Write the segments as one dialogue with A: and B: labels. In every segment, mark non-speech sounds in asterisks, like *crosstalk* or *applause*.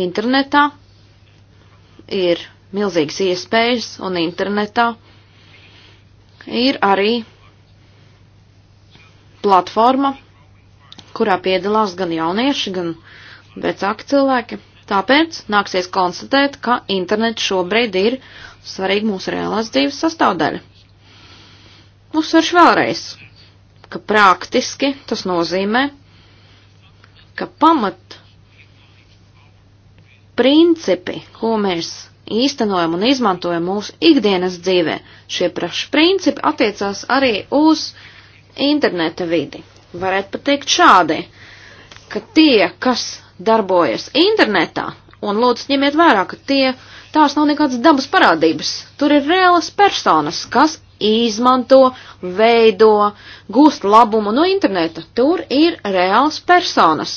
A: Internetā ir milzīgas iespējas, un internetā ir arī platforma, kurā piedalās gan jaunieši, gan vecāki cilvēki. Tāpēc nāksies konstatēt, ka internets šobrīd ir svarīga mūsu reālās dzīves sastāvdaļa. Uzsveršu vēlreiz, ka praktiski tas nozīmē, ka pamat principi, ko mēs īstenojam un izmantojam mūsu ikdienas dzīvē, šie praši principi attiecās arī uz interneta vidi. Varētu pateikt šādi, ka tie, kas darbojas internetā, un lūdzu ņemiet vērā, ka tie, tās nav nekādas dabas parādības, tur ir reālas personas, kas izmanto, veido, gūst labumu no interneta. Tur ir reāls personas.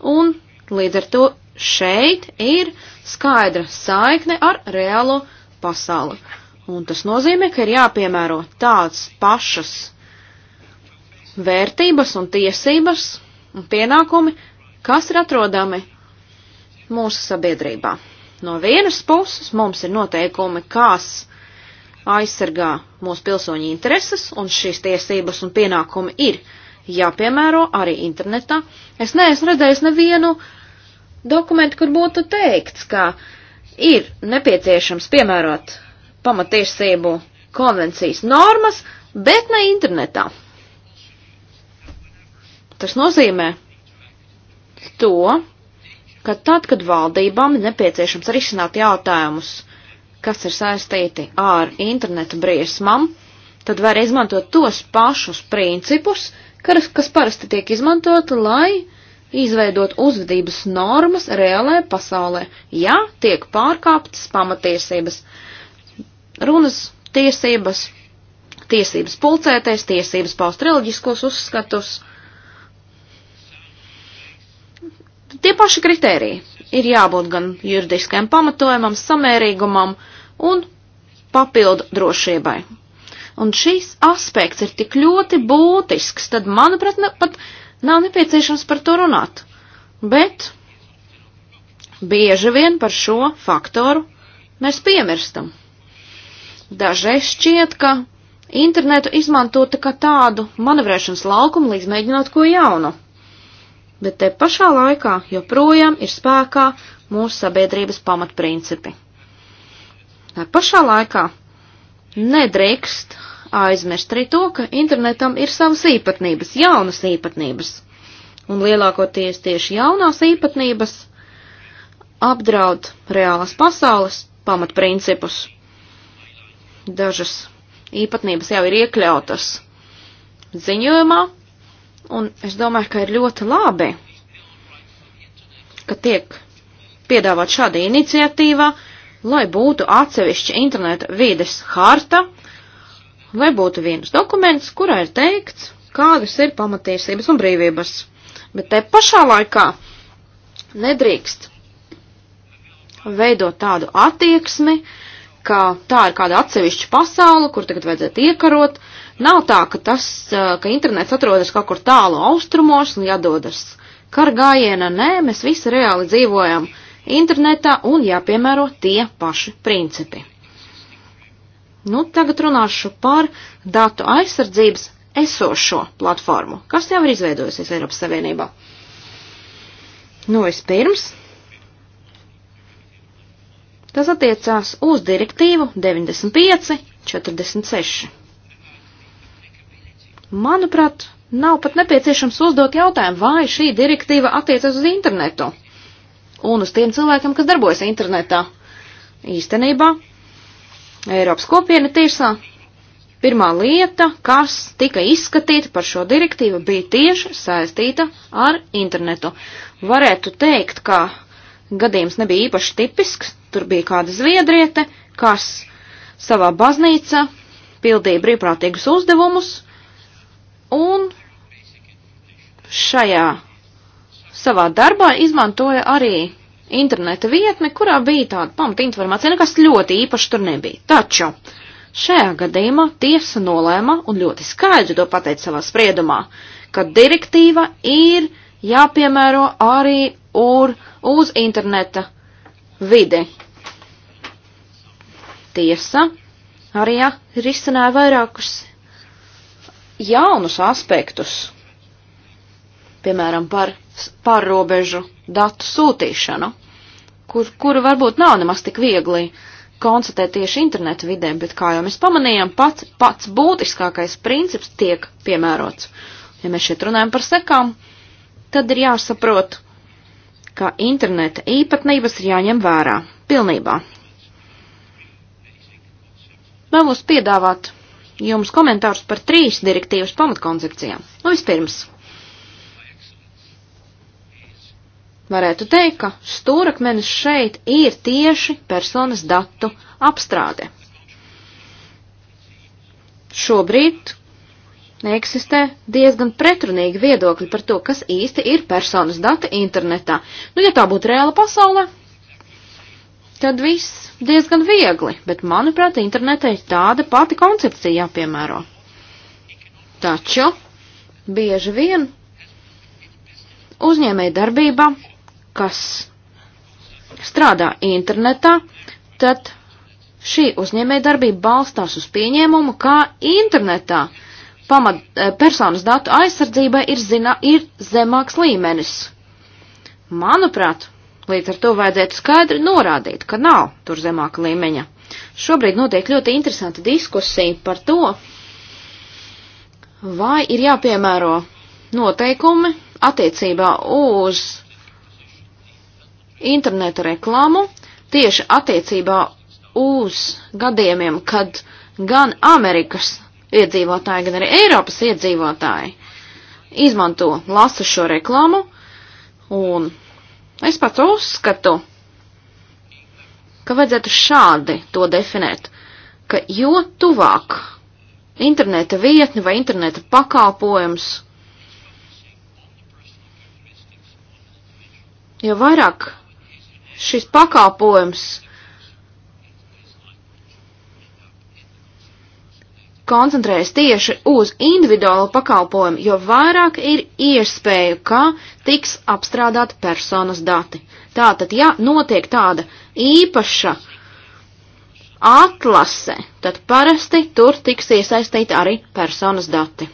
A: Un līdz ar to šeit ir skaidra saikne ar reālo pasauli. Un tas nozīmē, ka ir jāpiemēro tāds pašas vērtības un tiesības un pienākumi, kas ir atrodami mūsu sabiedrībā. No vienas puses mums ir noteikumi, kas aizsargā mūsu pilsoņu intereses, un šīs tiesības un pienākumi ir jāpiemēro arī internetā. Es neesmu redzējis nevienu uh, dokumentu, kur būtu teikts, ka ir nepieciešams piemērot pamatiesību konvencijas normas, bet ne internetā. Tas nozīmē to, ka tad, kad valdībām ir nepieciešams risināt jautājumus, kas ir saistīti ar interneta briesmām, tad var izmantot tos pašus principus, kas, kas parasti tiek izmantoti, lai izveidot uzvedības normas reālajā pasaulē, ja tiek pārkāptas pamatiesības, runas tiesības, tiesības pulcēties, tiesības paust reliģiskos uzskatus. Tie paši kritēriji ir jābūt gan juridiskajam pamatojumam, samērīgumam un papildu drošībai. Un šīs aspekts ir tik ļoti būtisks, tad, manuprāt, ne, pat Nav nepieciešams par to runāt, bet bieži vien par šo faktoru mēs piemirstam. Dažreiz šķiet, ka internetu izmantota kā tādu manevrēšanas laukumu, līdz mēģinot ko jaunu. Bet te pašā laikā joprojām ir spēkā mūsu sabiedrības pamatprincipi. Tā pašā laikā nedrīkst aizmirst arī to, ka internetam ir savas īpatnības, jaunas īpatnības. Un lielākoties tieši jaunās īpatnības apdraud reālās pasaules pamatprincipus. Dažas īpatnības jau ir iekļautas ziņojumā, un es domāju, ka ir ļoti labi, ka tiek piedāvāt šāda iniciatīva, lai būtu atsevišķa interneta vides harta, lai būtu viens dokuments, kurā ir teikts, kādas ir pamatiesības un brīvības. Bet te pašā laikā nedrīkst veidot tādu attieksmi, ka tā ir kāda atsevišķa pasaule, kur tagad vajadzētu iekarot. Nav tā, ka tas, ka internets atrodas kaut kur tālu austrumos un jādodas kargājienā. Nē, mēs visi reāli dzīvojam internetā un jāpiemēro tie paši principi. Nu, tagad runāšu par datu aizsardzības esošo platformu, kas jau ir izveidojusies Eiropas Savienībā. Nu, vispirms, tas attiecās uz direktīvu 95-46. Manuprāt, nav pat nepieciešams uzdot jautājumu, vai šī direktīva attiecas uz internetu un uz tiem cilvēkiem, kas darbojas internetā. Īstenībā Eiropas kopiena tiesā. Pirmā lieta, kas tika izskatīta par šo direktīvu, bija tieši saistīta ar internetu. Varētu teikt, ka gadījums nebija īpaši tipisks, tur bija kāda zviedriete, kas savā baznīcā pildīja brīvprātīgus uzdevumus, un šajā savā darbā izmantoja arī interneta vietne, kurā bija tāda pamata informācija, nekas ļoti īpaši tur nebija. Taču šajā gadījumā tiesa nolēma un ļoti skaidri to pateica savā spriedumā, ka direktīva ir jāpiemēro arī ur, uz interneta vidi. Tiesa arī ja, risināja vairākus jaunus aspektus, piemēram, par pārrobežu datu sūtīšanu, kur, kuru varbūt nav nemaz tik viegli konstatēt tieši internetu vidē, bet kā jau mēs pamanījām, pats, pats būtiskākais princips tiek piemērots. Ja mēs šeit runājam par sekām, tad ir jāsaprot, ka interneta īpatnības ir jāņem vērā pilnībā. Vēlos piedāvāt jums komentārus par trīs direktīvas pamatkoncepcijām. Nu, vispirms, Varētu teikt, ka stūrakmenis šeit ir tieši personas datu apstrāde. Šobrīd eksistē diezgan pretrunīgi viedokļi par to, kas īsti ir personas dati internetā. Nu, ja tā būtu reāla pasaule, tad viss diezgan viegli, bet, manuprāt, internetē ir tāda pati koncepcija jāpiemēro. Taču bieži vien uzņēmēja darbība kas strādā internetā, tad šī uzņēmēja darbība balstās uz pieņēmumu, kā internetā pamat, eh, personas datu aizsardzībai ir, zina, ir zemāks līmenis. Manuprāt, līdz ar to vajadzētu skaidri norādīt, ka nav tur zemāka līmeņa. Šobrīd notiek ļoti interesanta diskusija par to, vai ir jāpiemēro noteikumi attiecībā uz interneta reklāmu tieši attiecībā uz gadījumiem, kad gan Amerikas iedzīvotāji, gan arī Eiropas iedzīvotāji izmanto lasa šo reklāmu, un es pats uzskatu, ka vajadzētu šādi to definēt, ka jo tuvāk interneta vietni vai interneta pakalpojums, jo vairāk šis pakāpojums koncentrējas tieši uz individuālo pakalpojumu, jo vairāk ir iespēju, ka tiks apstrādāt personas dati. Tātad, ja notiek tāda īpaša atlase, tad parasti tur tiks iesaistīti arī personas dati.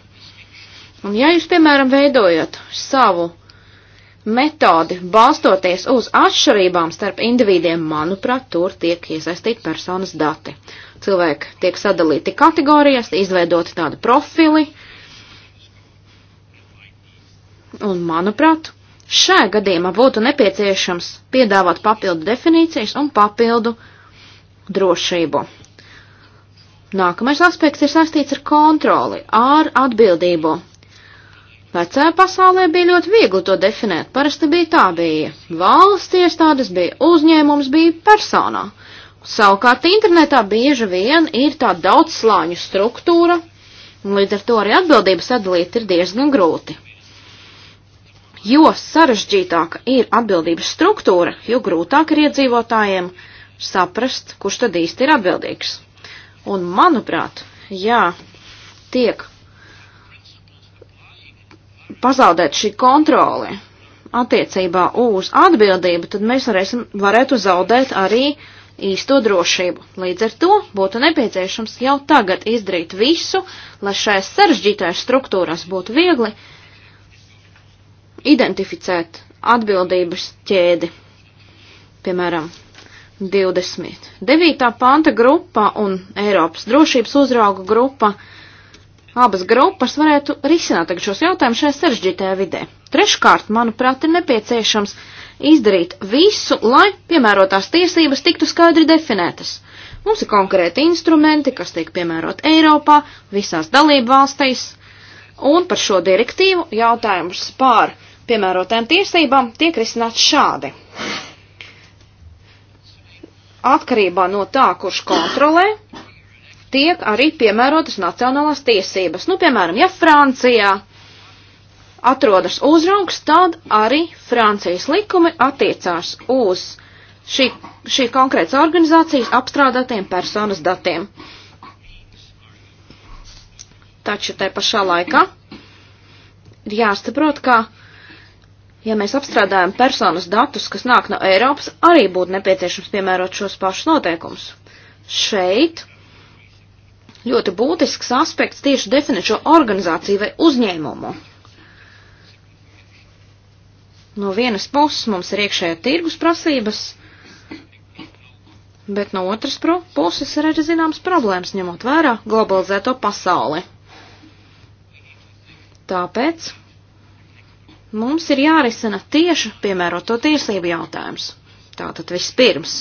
A: Un ja jūs, piemēram, veidojat savu metodi, balstoties uz atšķirībām starp individiem, manuprāt, tur tiek iesaistīti personas dati. Cilvēki tiek sadalīti kategorijās, izveidoti tādi profili, un, manuprāt, šajā gadījumā būtu nepieciešams piedāvāt papildu definīcijas un papildu drošību. Nākamais aspekts ir saistīts ar kontroli, ar atbildību Vecajā pasaulē bija ļoti viegli to definēt, parasti bija tā bija. Valsts iestādes bija uzņēmums, bija personā. Savukārt internetā bieži vien ir tā daudzslāņu struktūra, un līdz ar to arī atbildības sadalīt ir diezgan grūti. Jo sarežģītāka ir atbildības struktūra, jo grūtāk ir iedzīvotājiem saprast, kurš tad īsti ir atbildīgs. Un manuprāt, jā, tiek pazaudēt šī kontrole attiecībā uz atbildību, tad mēs varēsim, varētu zaudēt arī īsto drošību. Līdz ar to būtu nepieciešams jau tagad izdarīt visu, lai šajās sarežģītajās struktūrās būtu viegli identificēt atbildības ķēdi. Piemēram, 29. panta grupa un Eiropas drošības uzrauga grupa uh, abas grupas varētu risināt tagad šos jautājumus šajā sarežģītajā vidē. Treškārt, manuprāt, ir nepieciešams izdarīt visu, lai piemērotās tiesības tiktu skaidri definētas. Mums ir konkrēti instrumenti, kas tiek piemērot Eiropā, visās dalību valstīs, un par šo direktīvu jautājums pār piemērotēm tiesībām tiek risināts šādi. Atkarībā no tā, kurš kontrolē, tiek arī piemērotas nacionālās tiesības. Nu, piemēram, ja Francijā atrodas uzraugs, tad arī Francijas likumi attiecās uz šī, šī konkrētas organizācijas apstrādātiem personas datiem. Taču te pašā laikā ir jāsaprot, ka, ja mēs apstrādājam personas datus, kas nāk no Eiropas, arī būtu nepieciešams piemērot šos pašus noteikumus. Šeit ļoti būtisks aspekts tieši definēt šo organizāciju vai uzņēmumu. No vienas puses mums ir iekšējā tirgus prasības, bet no otras puses ir arī zināmas problēmas, ņemot vērā globalizēto pasauli. Tāpēc mums ir jārisina tieši piemēroto tiesību jautājums. Tātad vispirms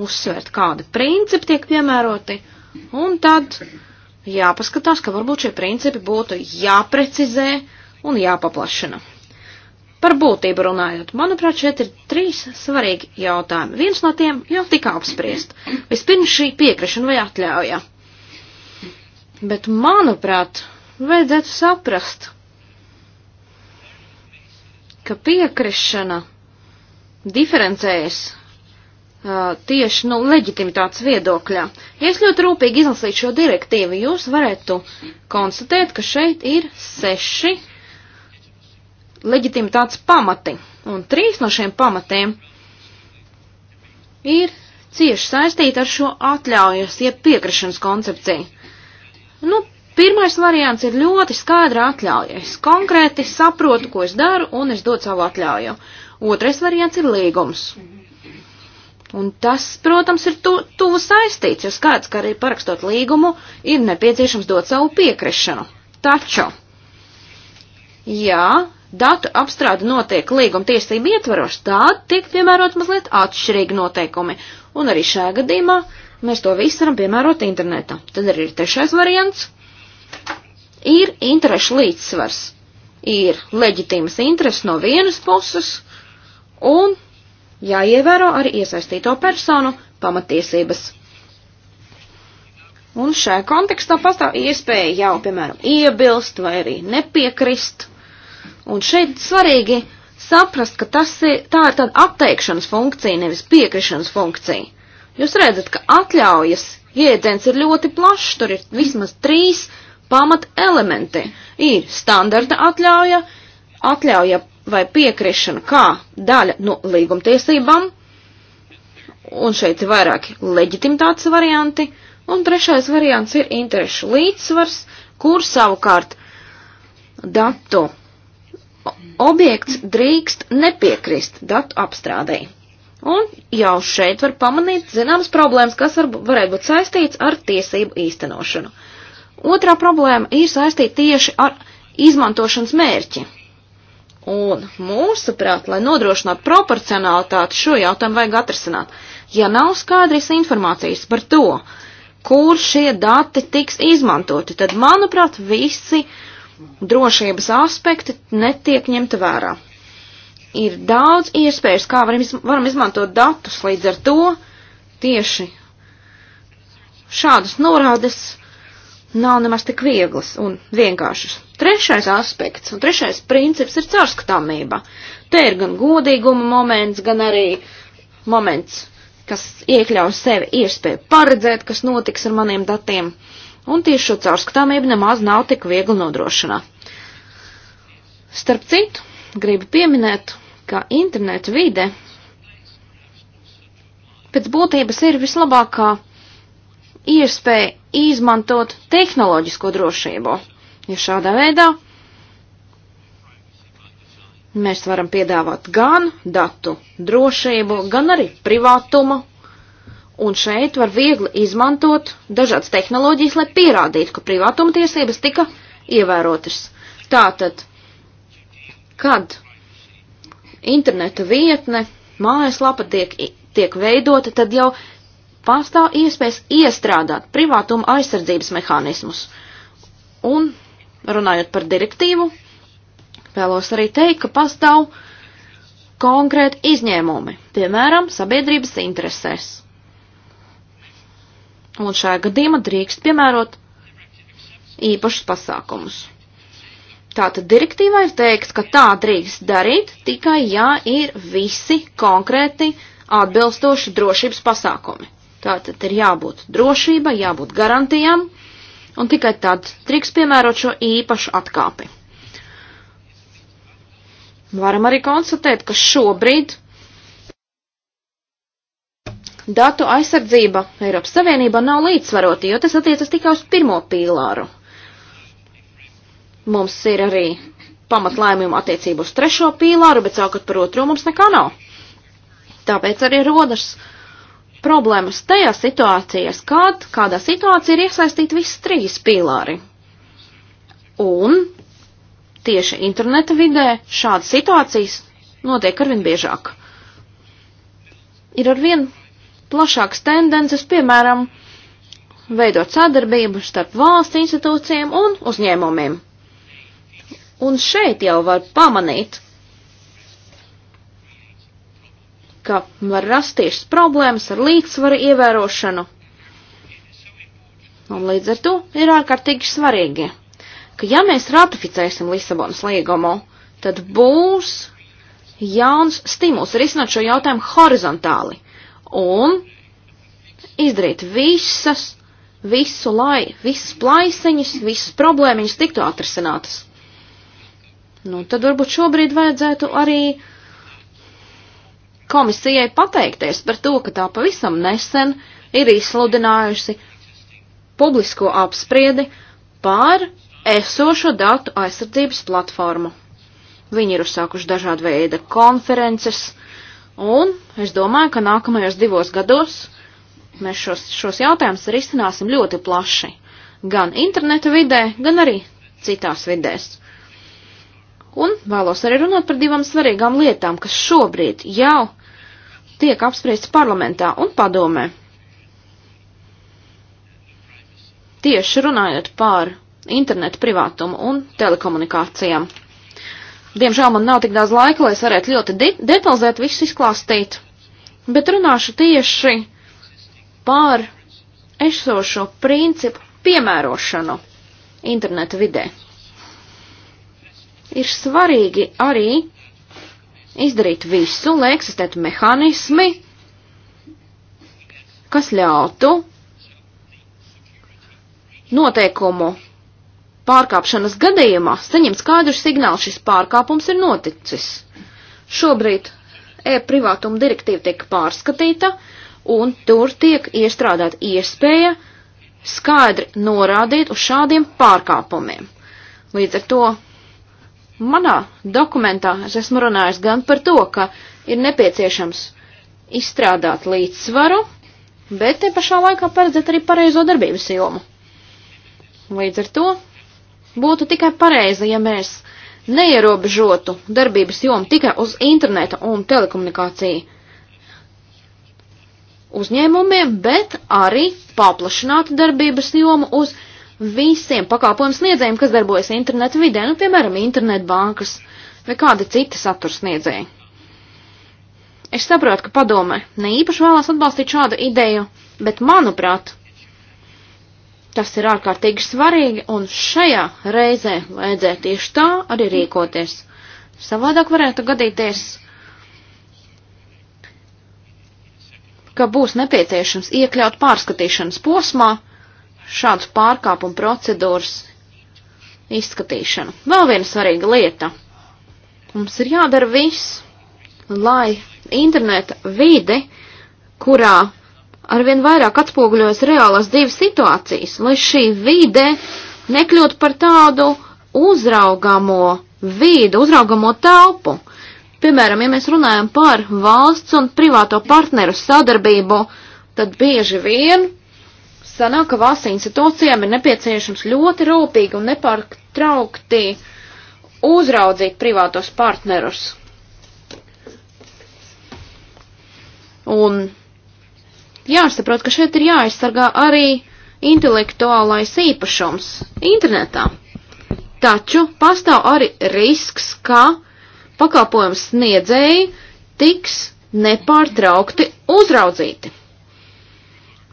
A: uzsvērt, kādi principi tiek piemēroti, Un tad jāpaskatās, ka varbūt šie principi būtu jāprecizē un jāpaplašina. Par būtību runājot, manuprāt, šeit ir trīs svarīgi jautājumi. Viens no tiem jau tika apspriest. Vispirms šī piekrišana vai atļauja. Bet, manuprāt, vajadzētu saprast, ka piekrišana diferencējas Uh, tieši no nu, leģitimitātes viedokļa. Ja es ļoti rūpīgi izlasītu šo direktīvu, jūs varētu konstatēt, ka šeit ir seši leģitimitātes pamati, un trīs no šiem pamatiem ir cieši saistīti ar šo atļaujas, jeb piekrišanas koncepciju. Nu, pirmais variants ir ļoti skaidra atļauja. Es konkrēti saprotu, ko es daru, un es dodu savu atļauju. Otrais variants ir līgums. Mm -hmm. Un tas, protams, ir tuvu tu saistīts, jo skaidrs, ka arī parakstot līgumu ir nepieciešams dot savu piekrišanu. Taču, ja datu apstrāde notiek līguma tiesību ietvaros, tad tiek piemērot mazliet atšķirīgi noteikumi. Un arī šajā gadījumā mēs to visu varam piemērot internetā. Tad arī ir trešais variants. Ir interešu līdzsvars. Ir leģitīmas intereses no vienas puses un jāievēro arī iesaistīto personu pamatiesības. Un šajā kontekstā pastāv iespēja jau, piemēram, iebilst vai arī nepiekrist. Un šeit svarīgi saprast, ka tas ir, tā ir tāda atteikšanas funkcija, nevis piekrišanas funkcija. Jūs redzat, ka atļaujas jēdziens ir ļoti plašs, tur ir vismaz trīs pamat elementi. Ir standarta atļauja, atļauja vai piekrišana kā daļa no līgumtiesībām, un šeit ir vairāki leģitimitātes varianti, un trešais variants ir interešu līdzsvars, kur savukārt datu objekts drīkst nepiekrist datu apstrādēji. Un jau šeit var pamanīt zināmas problēmas, kas var, varētu būt saistīts ar tiesību īstenošanu. Otrā problēma ir saistīta tieši ar izmantošanas mērķi. Un mūsuprāt, lai nodrošinātu proporcionalitāti, šo jautājumu vajag atrisināt. Ja nav skaidrs informācijas par to, kur šie dati tiks izmantoti, tad, manuprāt, visi drošības aspekti netiek ņemti vērā. Ir daudz iespējas, kā varam, izm varam izmantot datus, līdz ar to tieši šādas norādes nav nemaz tik vieglas un vienkāršas. Trešais aspekts un trešais princips ir caurskatāmība. Te ir gan godīguma moments, gan arī moments, kas iekļauj sevi iespēju paredzēt, kas notiks ar maniem datiem. Un tieši šo caurskatāmību nemaz nav tik viegli nodrošināt. Starp citu, gribu pieminēt, ka interneta vide pēc būtības ir vislabākā iespēja izmantot tehnoloģisko drošību jo šādā veidā mēs varam piedāvāt gan datu drošību, gan arī privātumu. Un šeit var viegli izmantot dažādas tehnoloģijas, lai pierādītu, ka privātuma tiesības tika ievērotas. Tātad, kad interneta vietne, mājaslapa tiek, tiek veidota, tad jau pastāv iespējas iestrādāt privātuma aizsardzības mehānismus. Un runājot par direktīvu, vēlos arī teikt, ka pastāv konkrēti izņēmumi, piemēram, sabiedrības interesēs. Un šajā gadījumā drīkst piemērot īpašus pasākumus. Tātad direktīvā ir teikts, ka tā drīkst darīt tikai, ja ir visi konkrēti atbilstoši drošības pasākumi. Tātad ir jābūt drošība, jābūt garantijām, un tikai tad drīkst piemērot šo īpašu atkāpi. Varam arī konstatēt, ka šobrīd datu aizsardzība Eiropas Savienībā nav līdzsvarota, jo tas attiecas tikai uz pirmo pīlāru. Mums ir arī pamatlēmumu attiecību uz trešo pīlāru, bet savukārt par otro mums nekā nav. Tāpēc arī rodas problēmas tajā situācijas, kad kādā situācijā ir iesaistīti visi trīs pīlāri. Un tieši interneta vidē šādas situācijas notiek arvien biežāk. Ir arvien plašākas tendences, piemēram, veidot sadarbību starp valsts institūcijiem un uzņēmumiem. Un šeit jau var pamanīt, ka var rasties problēmas ar līdzsvaru ievērošanu. Un līdz ar to ir ārkārtīgi svarīgi, ka ja mēs ratificēsim Lisabonas līgumu, tad būs jauns stimuls risināt šo jautājumu horizontāli un izdarīt visas, visu lai, visas plaisiņas, visas problēmiņas tiktu atrisinātas. Nu, tad varbūt šobrīd vajadzētu arī uh, komisijai pateikties par to, ka tā pavisam nesen ir izsludinājusi publisko apspriedi pār esošo datu aizsardzības platformu. Viņi ir uzsākuši dažādu veidu konferences, un es domāju, ka nākamajos divos gados mēs šos, šos jautājumus risināsim ļoti plaši, gan interneta vidē, gan arī citās vidēs. Un vēlos arī runāt par divām svarīgām lietām, kas šobrīd jau tiek apspriests parlamentā un padomē. Tieši runājot par internetu privātumu un telekomunikācijām. Diemžēl man nav tik daudz laika, lai es varētu ļoti de detalizēt visu izklāstīt, bet runāšu tieši par esošo principu piemērošanu interneta vidē. Ir svarīgi arī izdarīt visu, lai eksistētu mehānismi, kas ļautu noteikumu pārkāpšanas gadījumā saņemt skaidru signālu, šis pārkāpums ir noticis. Šobrīd e-privātuma direktīva tiek pārskatīta, un tur tiek iestrādāta iespēja skaidri norādīt uz šādiem pārkāpumiem. Līdz ar to Manā dokumentā es esmu runājis gan par to, ka ir nepieciešams izstrādāt līdzsvaru, bet te pašā laikā paredzēt arī pareizo darbības jomu. Līdz ar to būtu tikai pareizi, ja mēs neierobežotu darbības jomu tikai uz interneta un telekomunikāciju uzņēmumiem, bet arī paplašinātu darbības jomu uz interneta visiem pakalpojumu sniedzējiem, kas darbojas internetu vidē, nu, piemēram, internetu bankas vai kādi citi saturs sniedzēji. Es saprotu, ka padome ne īpaši vēlās atbalstīt šādu ideju, bet, manuprāt, tas ir ārkārtīgi svarīgi, un šajā reizē vajadzēja tieši tā arī rīkoties. Savādāk varētu gadīties, ka būs nepieciešams iekļaut pārskatīšanas posmā, šādu pārkāpumu procedūras izskatīšanu. Vēl viena svarīga lieta. Mums ir jādara viss, lai interneta vide, kurā arvien vairāk atspoguļojas reālās dzīves situācijas, lai šī vide nekļūtu par tādu uzraugamo vīdu, uzraugamo telpu. Piemēram, ja mēs runājam par valsts un privāto partneru sadarbību, tad bieži vien sanāk, ka valsts institūcijām ir nepieciešams ļoti rūpīgi un nepārtraukti uzraudzīt privātos partnerus. Un jāsaprot, ka šeit ir jāaizsargā arī intelektuālais īpašums internetā. Taču pastāv arī risks, ka pakalpojums sniedzēji tiks nepārtraukti uzraudzīti.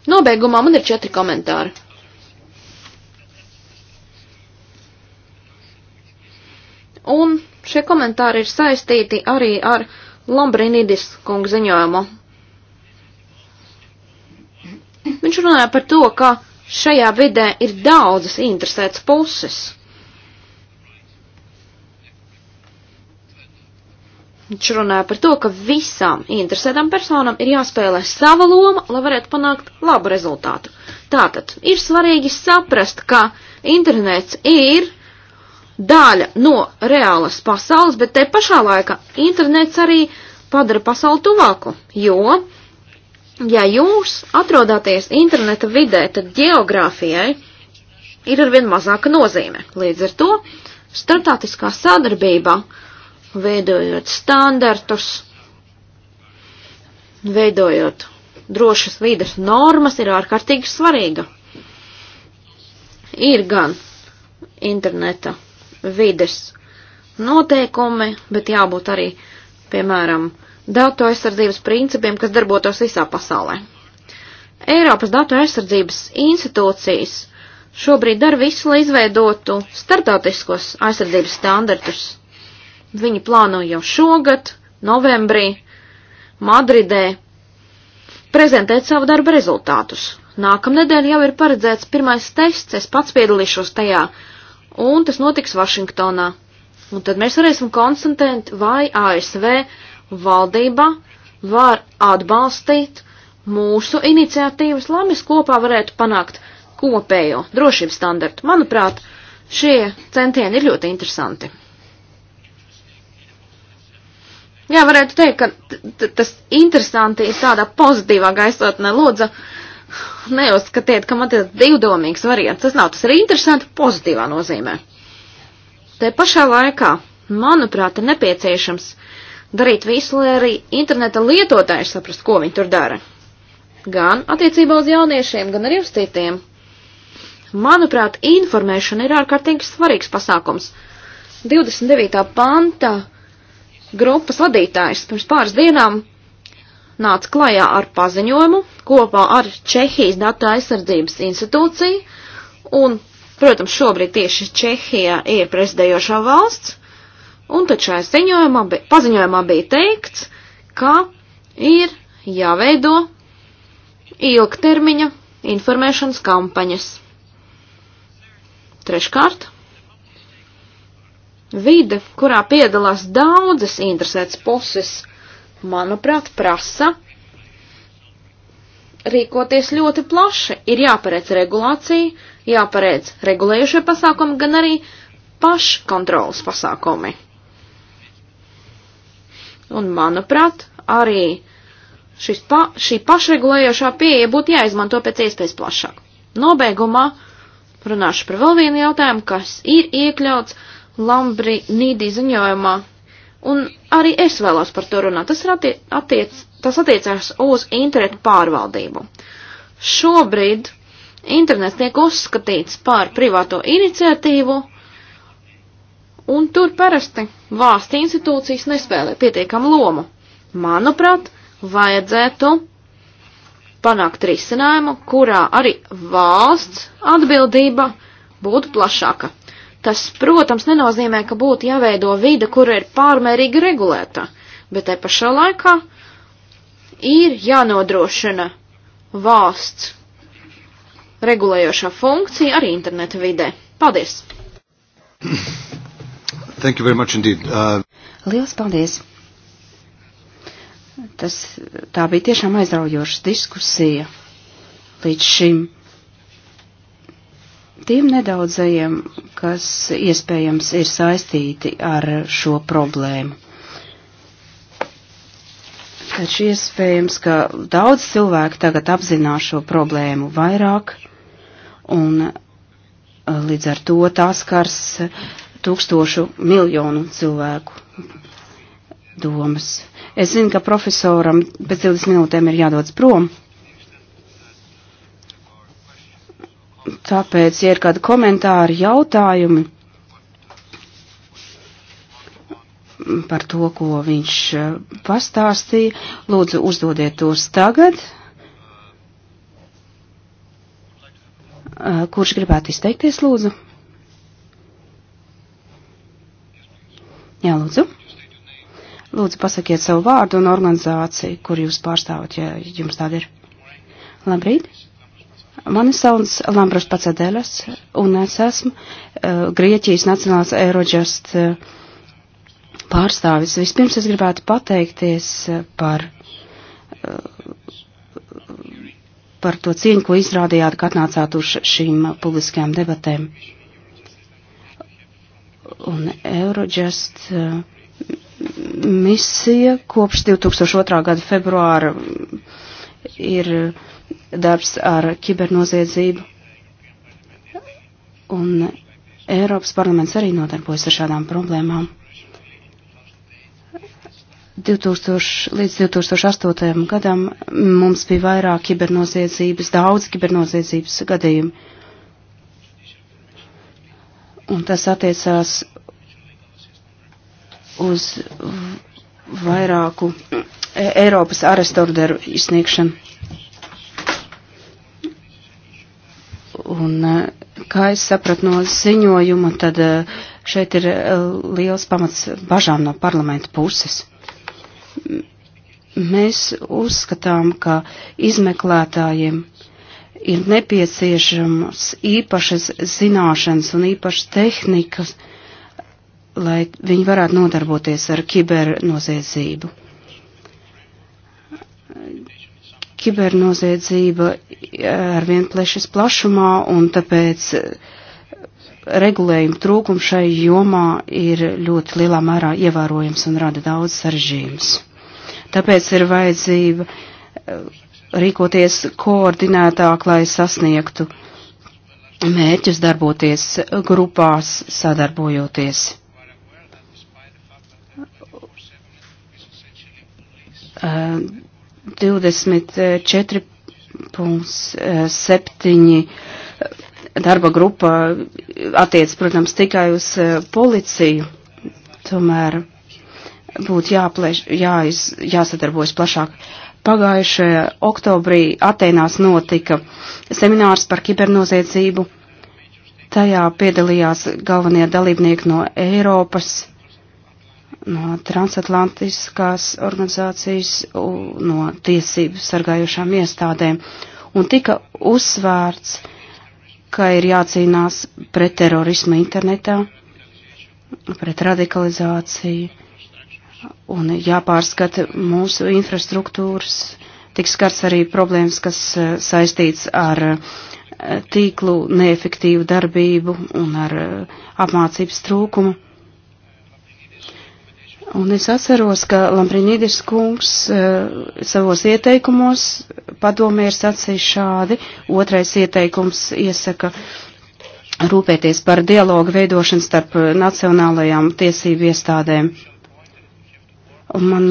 A: Nobeigumā man ir četri komentāri. Un šie komentāri ir saistīti arī ar Lombrinidis kungu ziņojumu. Viņš runāja par to, ka šajā vidē ir daudzas interesētas puses. Viņš runāja par to, ka visām interesētām personām ir jāspēlē sava loma, lai varētu panākt labu rezultātu. Tātad ir svarīgi saprast, ka internets ir daļa no reālas pasaules, bet te pašā laikā internets arī padara pasauli tuvāku, jo, ja jūs atrodaties interneta vidē, tad geogrāfijai ir arvien mazāka nozīme. Līdz ar to starptautiskā sadarbība veidojot standartus, veidojot drošas vides normas, ir ārkārtīgi svarīga. Ir gan interneta vides noteikumi, bet jābūt arī, piemēram, datu aizsardzības principiem, kas darbotos visā pasaulē. Eiropas datu aizsardzības institūcijas šobrīd dara visu, lai izveidotu startautiskos aizsardzības standartus Viņi plāno jau šogad, novembrī, Madridē prezentēt savu darbu rezultātus. Nākamnedēļ jau ir paredzēts pirmais tests, es pats piedalīšos tajā, un tas notiks Vašingtonā. Un tad mēs varēsim konstatēt, vai ASV valdība var atbalstīt mūsu iniciatīvas, lai mēs kopā varētu panākt kopējo drošības standartu. Manuprāt, šie centieni ir ļoti interesanti. Jā, varētu teikt, ka tas interesanti ir tādā pozitīvā gaisotnē. Lūdzu, neuzskatiet, ka man tas divdomīgs variants. Tas nav, tas ir interesanti pozitīvā nozīmē. Te pašā laikā, manuprāt, ir nepieciešams darīt visu, lai arī interneta lietotāji saprast, ko viņi tur dara. Gan attiecībā uz jauniešiem, gan arī uz citiem. Manuprāt, informēšana ir ārkārtīgi svarīgs pasākums. 29. panta grupas vadītājs pirms pāris dienām nāca klajā ar paziņojumu kopā ar Čehijas datu aizsardzības institūciju, un, protams, šobrīd tieši Čehija ir prezidējošā valsts, un tad šajā ziņojumā, paziņojumā bija teikts, ka ir jāveido ilgtermiņa informēšanas kampaņas. Treškārt, vide, kurā piedalās daudzas interesētas puses, manuprāt, prasa rīkoties ļoti plaši. Ir jāparedz regulācija, jāparedz regulējušie pasākumi, gan arī paškontrolas pasākumi. Un, manuprāt, arī šis pa, šī pašregulējošā pieeja būtu jāizmanto pēc iespējas plašāk. Nobeigumā runāšu par vēl vienu jautājumu, kas ir iekļauts Lambri Nīdī ziņojumā, un arī es vēlos par to runāt. Tas, attie attiec, tas attiecās uz internetu pārvaldību. Šobrīd internets tiek uzskatīts par privāto iniciatīvu, un tur parasti valsts institūcijas nespēlē pietiekamu lomu. Manuprāt, vajadzētu panākt risinājumu, kurā arī valsts atbildība būtu plašāka. Tas, protams, nenozīmē, ka būtu jāveido vide, kura ir pārmērīgi regulēta, bet te pašā laikā ir jānodrošina valsts regulējošā funkcija arī interneta vidē. Paldies! Thank you very much indeed. Uh...
B: Liels paldies! Tas, tā bija tiešām aizraujoša diskusija līdz šim tiem nedaudzajiem, kas iespējams ir saistīti ar šo problēmu. Taču iespējams, ka daudz cilvēku tagad apzinās šo problēmu vairāk, un e, līdz ar to tās skars tūkstošu miljonu cilvēku domas. Es zinu, ka profesoram pēc 20 minūtēm ir jādodas prom. Tāpēc, ja ir kādi komentāri, jautājumi par to, ko viņš eh, pastāstīja, lūdzu uzdodiet tos tagad. Eh, kurš gribētu izteikties, lūdzu? Jā, lūdzu. Lūdzu, pasakiet savu vārdu un organizāciju, kur jūs pārstāvat, ja jums tāda ir. Labrīt! Mani sauc Lambros Pacadēlis, un es esmu uh, Grieķijas Nacionālās Eirodžast uh, eh, pārstāvis. Vispirms es gribētu pateikties uh, par, uh, par to cieņu, ko izrādījāt, kad atnācāt uz šīm publiskajām debatēm. Un Eirodžast. Uh, Misija kopš 2002. gada februāra ir uh, darbs ar kibernoziedzību. Un Eiropas parlaments arī nodarbojas ar šādām problēmām. 2000, līdz 2008. gadam mums bija vairāk kibernoziedzības, daudz kibernoziedzības gadījumu. Un tas attiecās uz vairāku Eiropas arestorderu izsniegšanu. Un, eh, kā es sapratu no ziņojuma, tad eh, šeit ir eh, liels pamats bažām no parlamenta puses. Mēs uzskatām, ka izmeklētājiem ir nepieciešamas īpašas zināšanas un īpašas tehnikas, lai viņi varētu nodarboties ar kibernoziedzību Kibernoziedzība e, arvien plešas plašumā, un tāpēc e, regulējuma trūkums šai jomā ir ļoti lielā mērā ievērojams un rada daudz sarežģījums. Tāpēc ir vajadzība e, rīkoties koordinētāk, lai sasniegtu mērķus, darboties grupās, sadarbojoties. Uh, 24.7 eh, eh, eh, darba grupa attiec, protams, tikai uz policiju, tomēr būtu jāplēš, jāiz, jāsadarbojas plašāk. Pagājušajā oktobrī Atēnās notika seminārs par kibernoziedzību. Tajā piedalījās galvenie dalībnieki no Eiropas, no transatlantiskās organizācijas, no tiesību sargājušām iestādēm, un tika uzsvērts, ka ir jācīnās pret terorismu internetā, pret radikalizāciju, un jāpārskata mūsu infrastruktūras, tiks skars arī problēmas, kas e, saistīts ar e, tīklu neefektīvu darbību un ar e, apmācības trūkumu. Un es atceros, ka Lambrinīdis kungs eh, savos ieteikumos padomē ir sacījis šādi. Otrais ieteikums iesaka rūpēties par dialogu veidošanu starp nacionālajām tiesību iestādēm. Un man,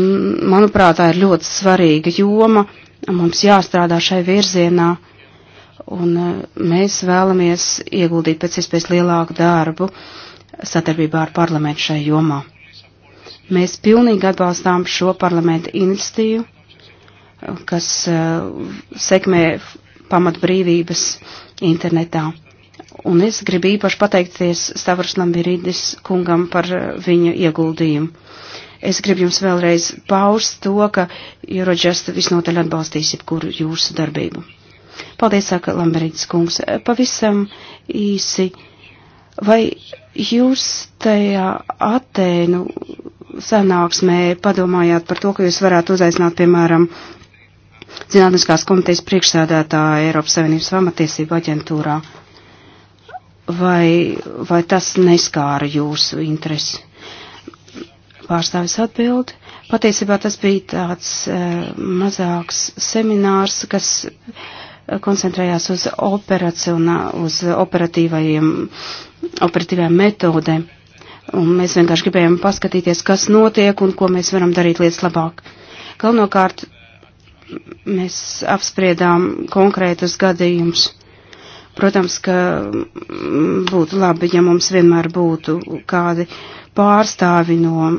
B: manuprāt, tā ir ļoti svarīga joma. Mums jāstrādā šai virzienā. Un eh, mēs vēlamies ieguldīt pēc iespējas lielāku darbu sadarbībā ar parlamentu šai jomā. Mēs pilnīgi atbalstām šo parlamenta iniciatīvu, kas uh, sekmē pamatbrīvības internetā. Un es gribu īpaši pateikties Stavros Lambirīdis kungam par eh, viņa ieguldījumu. Es gribu jums vēlreiz paust to, ka Eurojust visnotaļ atbalstīs jebkuru jūsu darbību. Paldies, saka Lamberītis kungs. Pavisam īsi, vai jūs tajā Atēnu sanāksmē padomājāt par to, ka jūs varētu uzaicināt, piemēram, Zinātniskās komitejas priekšsēdētāja Eiropas Savienības pamatiesību aģentūrā? Vai, vai tas neskāra jūsu interesi? Pārstāvis atbild. Patiesībā tas bija tāds uh, mazāks seminārs, kas e, koncentrējās uz, uz operatīvajiem, operatīvajām metodēm. Un mēs vienkārši gribējām paskatīties, kas notiek un ko mēs varam darīt lietas labāk. Galvenokārt mēs apspriedām konkrētus gadījumus. Protams, ka būtu labi, ja mums vienmēr būtu kādi pārstāvi no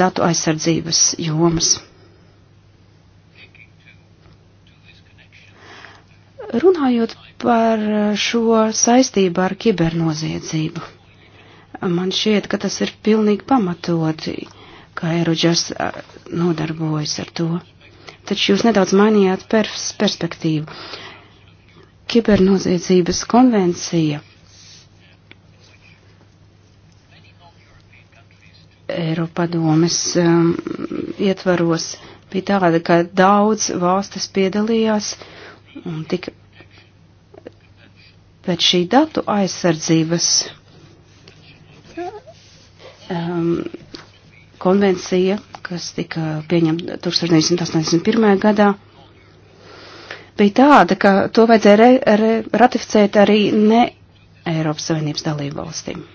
B: datu aizsardzības jomas. Runājot par šo saistību ar kibernoziedzību. Man šķiet, ka tas ir pilnīgi pamatoti, ka Eirodžers nodarbojas ar to. Taču jūs nedaudz mainījāt pers perspektīvu. Kibernoziedzības konvencija Eiropadomes um, ietvaros bija tāda, ka daudz valstis piedalījās un tik pēc šī datu aizsardzības um, konvencija, kas tika pieņemta 1981. gadā, bija tāda, ka to vajadzēja re, re, ratificēt arī ne Eiropas Savienības dalību valstīm.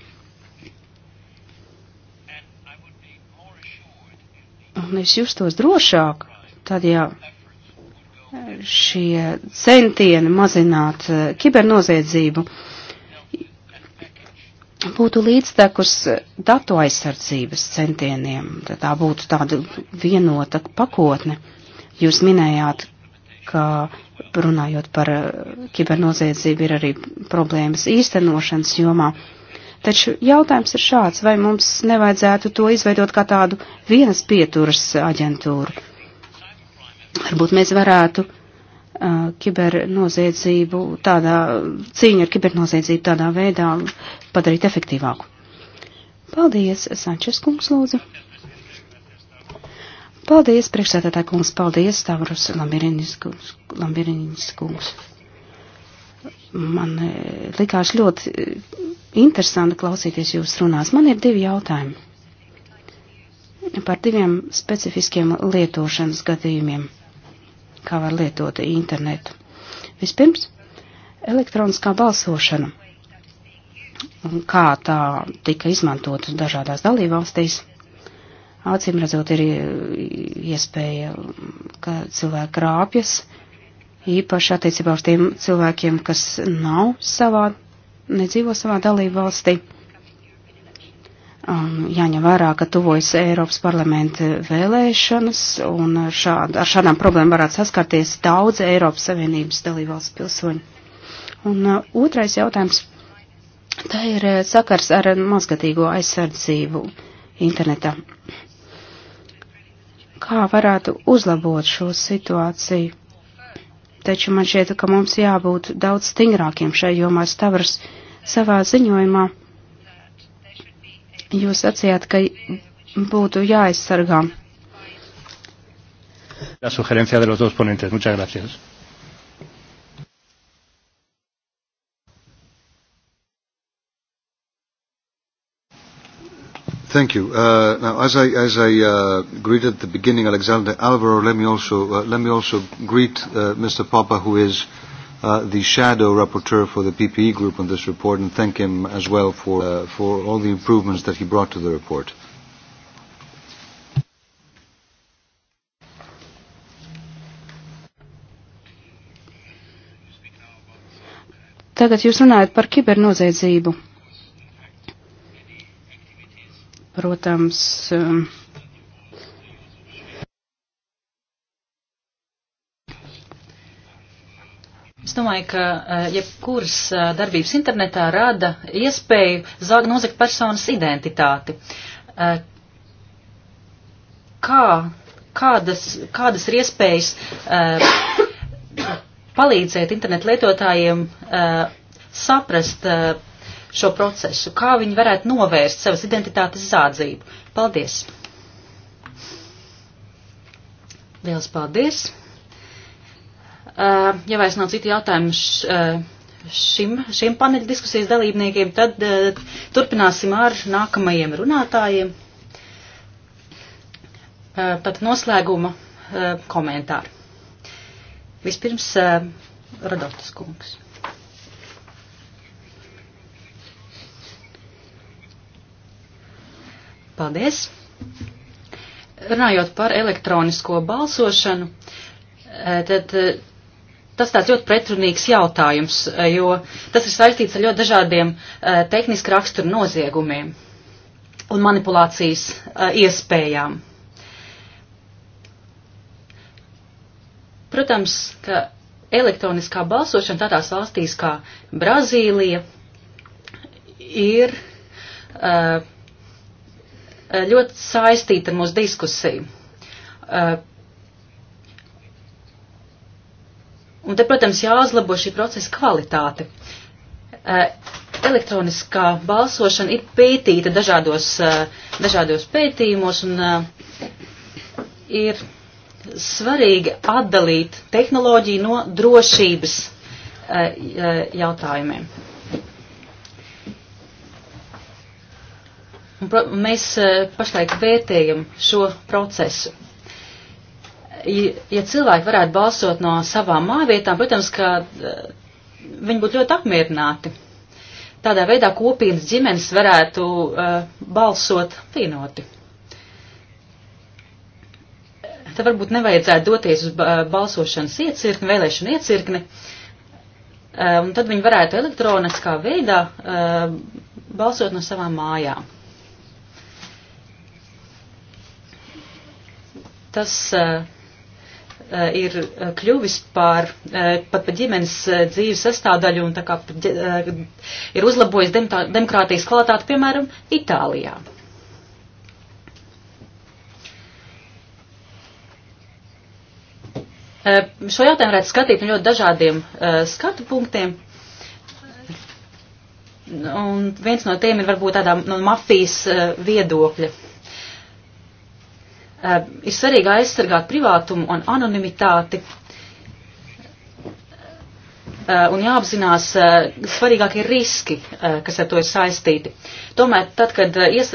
B: Un es justos drošāk, tad jā, šie centieni mazināt eh, kibernoziedzību uh, būtu līdztekus datu aizsardzības centieniem, tad tā būtu tāda vienota pakotne. Jūs minējāt, ka runājot par eh, kibernoziedzību ir arī problēmas īstenošanas jomā. Taču jautājums ir šāds, vai mums nevajadzētu to izveidot kā tādu vienas pieturas aģentūru? Varbūt mēs varētu uh, kibernoziedzību, tādā cīņa ar kibernoziedzību tādā veidā padarīt efektīvāku. Paldies, Sančes kungs, lūdzu. Paldies, priekšsētātā kungs, paldies, Stavros Lamirinis kungs. Man likās ļoti interesanti klausīties jūs runās. Man ir divi jautājumi par diviem specifiskiem lietošanas gadījumiem kā var lietot internetu. Vispirms, elektroniskā balsošana, kā tā tika izmantota dažādās dalībvalstīs. Acīm redzot, ir iespēja, ka cilvēki krāpjas, īpaši attiecībā uz tiem cilvēkiem, kas nav savā, nedzīvo savā dalībvalstī. valstī Um, jāņem vērā, ka tuvojas Eiropas parlamenta vēlēšanas, un ar, šād, ar šādām problēmām varētu saskarties daudz Eiropas Savienības dalībvalsts pilsoņu. Un uh, otrais jautājums. Tā ir uh, sakars ar mazgatīgo aizsardzību internetā. Kā varētu uzlabot šo situāciju? Taču man šķiet, ka mums jābūt daudz stingrākiem šai jomā. Stavras savā ziņojumā Jūs sacījāt, ka būtu jāaizsargā. La sugerencia de los dos ponentes. Muchas gracias.
C: Thank you. Uh, now, as I, as I uh, greeted at the beginning Alexander Alvaro, let me also, uh, let me also greet uh, Mr. Papa, who is uh, uh, the shadow rapporteur for the PPE group on this report and thank him as well for, uh, for all the improvements that he brought to the report.
B: Tagad jūs runājat par kibernoziedzību. Protams, um,
C: Es domāju, ka eh, jebkuras ja eh, darbības internetā rada iespēju nozagt personas identitāti. Eh, kā, kādas, kādas ir iespējas palīdzēt internetu lietotājiem saprast šo procesu, kā viņi varētu novērst savas identitātes zādzību. Paldies! Liels paldies! Uh, ja vairs nav citu jautājumu uh, šim, šiem paneļa diskusijas dalībniekiem, tad uh, turpināsim ar nākamajiem runātājiem. Pat noslēguma komentāru. Vispirms Radotas kungs. Paldies! Runājot par elektronisko balsošanu, tad tas tāds ļoti pretrunīgs jautājums, eh, jo tas ir saistīts ar ļoti dažādiem eh, tehniski raksturu noziegumiem un manipulācijas eh, iespējām. Protams, ka elektroniskā balsošana tādās valstīs kā Brazīlija ir ļoti saistīta ar mūsu diskusiju Un te, protams, jāuzlabo šī procesa kvalitāte. Eh, elektroniskā balsošana ir pētīta dažādos, eh, dažādos pētījumos un eh, ir svarīgi atdalīt tehnoloģiju no drošības jautājumiem. Un, mēs pašlaik vērtējam šo procesu ja cilvēki varētu balsot no savām mājvietām, protams, ka eh, viņi būtu ļoti apmierināti. Tādā veidā kopienas ģimenes varētu uh, balsot vienoti. Te varbūt nevajadzētu doties uz eh, balsošanas iecirkni, vēlēšanu iecirkni, uh, un tad viņi varētu elektroniskā veidā uh, balsot no savām mājām. Tas uh, Eh, ir eh, kļuvis par eh, pat par ģimenes dzīves sastāvdaļu un tā kā ir uzlabojis demokrātijas kvalitāti, piemēram, Itālijā. Šo jautājumu varētu skatīt no ļoti dažādiem skatu punktiem. Un viens no tiem ir varbūt tādā no mafijas viedokļa. Eh, ir svarīgi aizsargāt privātumu un anonimitāti. Eh, un jāapzinās eh, svarīgākie riski, kas ar to ir saistīti. Tomēr tad, kad ies,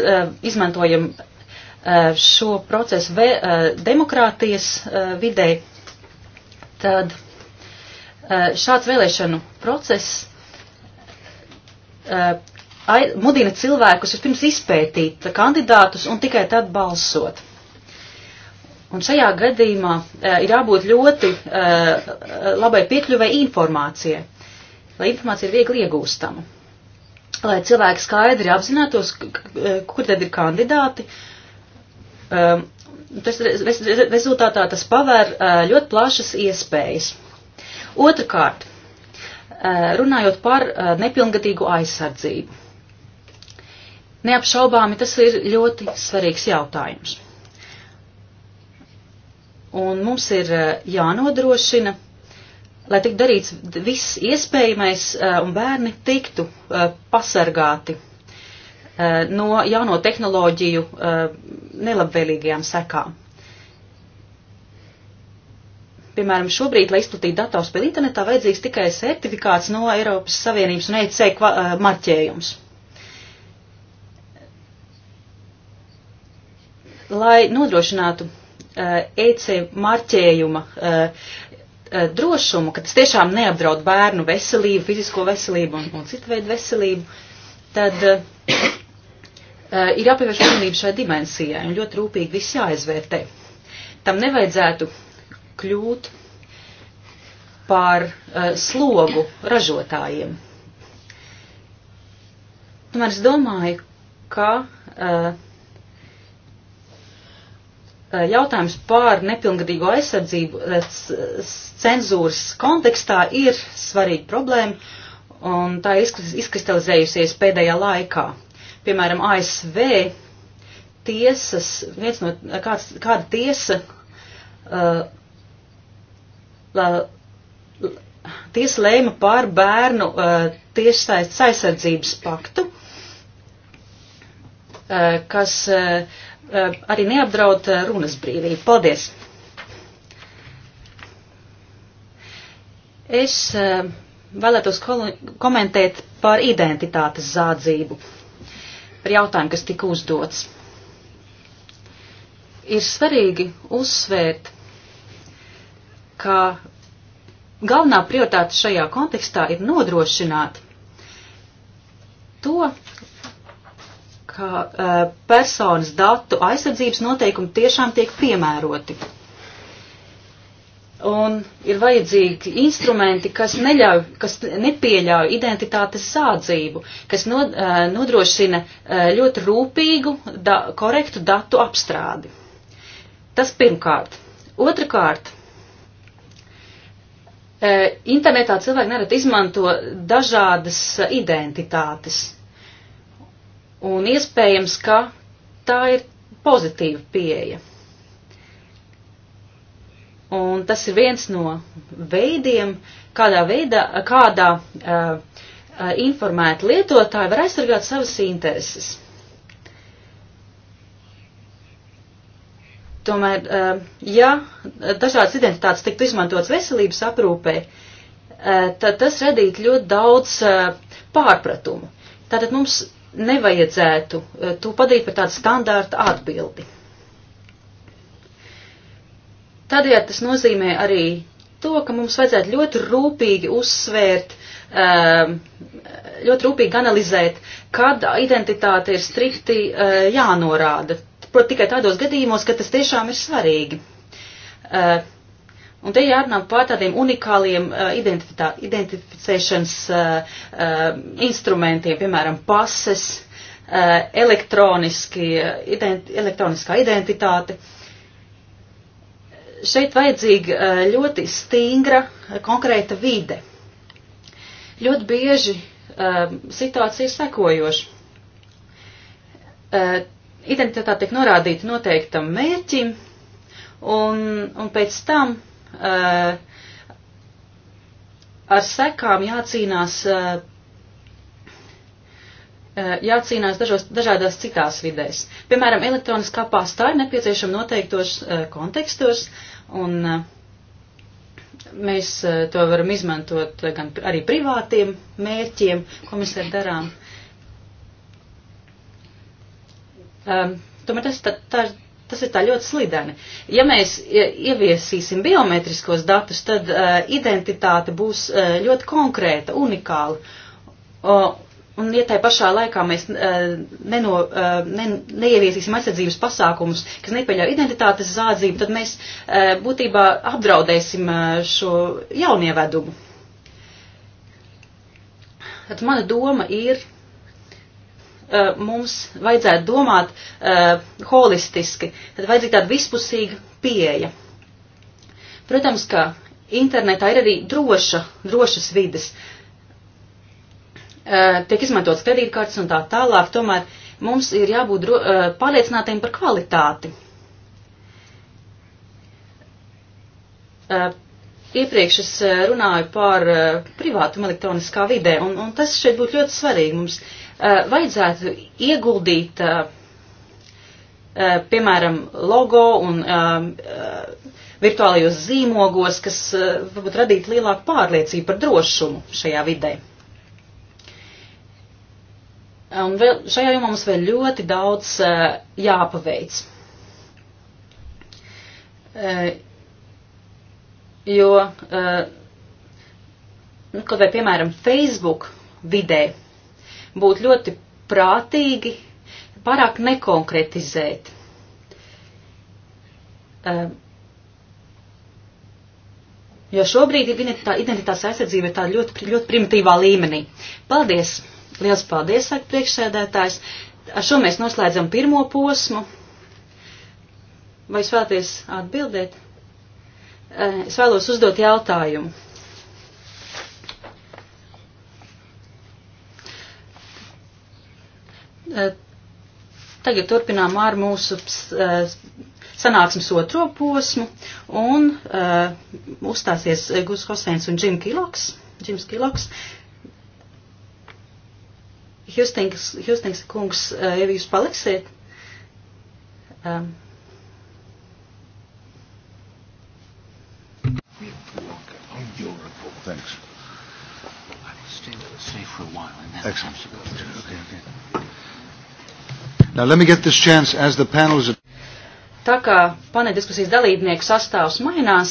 C: izmantojam šo procesu vē, demokrātijas vidē, tad šāds vēlēšanu process mudina cilvēkus vispirms izpētīt kandidātus un tikai tad balsot. Un šajā gadījumā e, ir jābūt ļoti e, labai piekļuvai informācijai, lai informācija ir viegli iegūstama, lai cilvēki skaidri apzinātos, eh, kur tad ir kandidāti. E, tas rezultātā tas pavēr e, ļoti plašas iespējas. Otrakārt, e, runājot par e, nepilngadīgu aizsardzību. Neapšaubāmi tas ir ļoti svarīgs jautājums un mums ir eh, jānodrošina, lai tik darīts viss iespējamais eh, un bērni tiktu eh, pasargāti no jauno tehnoloģiju nelabvēlīgajām sekām. Piemēram, šobrīd, lai izplatītu datorspēli internetā, vajadzīgs tikai certifikāts no Eiropas Savienības un EC marķējums. Lai nodrošinātu Eh, EC marķējuma eh, eh, drošumu, ka tas tiešām neapdraud bērnu veselību, fizisko veselību un, un citu veidu veselību, tad ir jāpievērš uzmanība šai dimensijai un ļoti rūpīgi viss jāizvērtē. Tam nevajadzētu kļūt par uh, slogu ražotājiem. Tomēr es domāju, ka uh, Eh, jautājums pār nepilngadīgo aizsardzību eh, cenzūras kontekstā ir svarīga problēma, un tā ir izkristalizējusies pēdējā laikā. Piemēram, ASV tiesas, viens no, kāds, kāda tiesa, uh, eh, la, la, tiesa lēma pār bērnu uh, tiešsaistes aizsardzības paktu, uh, kas uh, Eh, arī neapdraud eh, runas brīvību. Paldies! Es eh, vēlētos komentēt par identitātes zādzību, par jautājumu, kas tika uzdots. Ir svarīgi uzsvērt, ka galvenā prioritāte šajā kontekstā ir nodrošināt to, ka e, personas datu aizsardzības noteikumi tiešām tiek piemēroti. Un ir vajadzīgi instrumenti, kas, neļauj, kas nepieļauj identitātes sādzību, kas no, e, nodrošina e, ļoti rūpīgu, da, korektu datu apstrādi. Tas pirmkārt. Otrakārt, internetā cilvēki nerad izmanto dažādas identitātes Un iespējams, ka tā ir pozitīva pieeja. Un tas ir viens no veidiem, kādā veidā, kādā uh, uh informēta lietotāja var aizsargāt savas intereses. Tomēr, uh, ja dažādas identitātes tiktu izmantotas veselības aprūpē, uh, tad tas radītu ļoti daudz uh, pārpratumu. Tātad mums nevajadzētu eh, to padarīt par tādu standārta atbildi. Tādējādi tas nozīmē arī to, ka mums vajadzētu ļoti rūpīgi uzsvērt, ehm, ļoti rūpīgi analizēt, kad identitāte ir strikti eh, jānorāda. Proti tikai tādos gadījumos, ka tas tiešām ir svarīgi. Eh, Un te jārunā par tādiem unikāliem uh, identificēšanas uh, uh, instrumentiem, piemēram, pases, uh, elektroniski, uh, identi elektroniskā identitāte. Šeit vajadzīga uh, ļoti stingra, uh, konkrēta vide. Ļoti bieži uh, situācija ir sekojoša. Uh, identitāte tiek norādīta noteiktam mērķim, un, un pēc tam Eh, ar sekām jācīnās, eh, eh, jācīnās dažos, dažādās citās vidēs. Piemēram, elektroniskā pastā ir nepieciešama noteiktos kontekstos, un mēs to varam izmantot gan arī privātiem mērķiem, ko mēs ar darām. Um, tomēr tas tā, tā, tas ir tā ļoti slideni. Ja mēs ieviesīsim biometriskos datus, tad uh, identitāte būs uh, ļoti konkrēta, unikāla. Uh, un ja tai pašā laikā mēs uh, neno, uh, ne, neieviesīsim aizsardzības pasākumus, kas nepieļauj identitātes zādzību, tad mēs uh, būtībā apdraudēsim uh, šo jaunievedumu. Tad mana doma ir Eh, mums vajadzētu domāt eh, holistiski, tad vajadzīga tāda vispusīga pieeja. Protams, ka internetā ir arī droša, drošas vides. Eh, tiek izmantotas kredītkartes un tā tālāk, tomēr mums ir jābūt dro, pārliecinātiem par kvalitāti. Iepriekš es runāju par privātumu elektroniskā vidē, un, un tas šeit būtu ļoti svarīgi. Mums Eh, vajadzētu ieguldīt, eh, eh, piemēram, logo un virtuālajos zīmogos, kas varbūt radītu lielāku pārliecību par drošumu šajā vidē. Un vēl, šajā jomā mums vēl ļoti daudz jāpaveic. Jo, nu, kaut vai piemēram, Facebook vidē būt ļoti prātīgi, pārāk nekonkretizēt. Um, jo šobrīd identitātes aizsardzība ir tāda ļoti, ļoti primitīvā līmenī. Paldies! Liels paldies, saka priekšsēdētājs. Ar šo mēs noslēdzam pirmo posmu. Vai jūs vēlaties atbildēt? Ehm, es vēlos uzdot jautājumu. Eh, tagad turpinām ar mūsu eh, sanāksmes otro posmu un eh, uzstāsies Gus Hosēns un Džim Kiloks. Džims Kiloks. Hjustings, Hjustings kungs, ja jūs paliksiet. Um,
B: Thanks. I will stay, stay for a while and then Excellent. Okay, okay.
C: Now, let me get this chance as the panels... Tā kā paneļdiskusijas dalībnieku sastāvs mainās,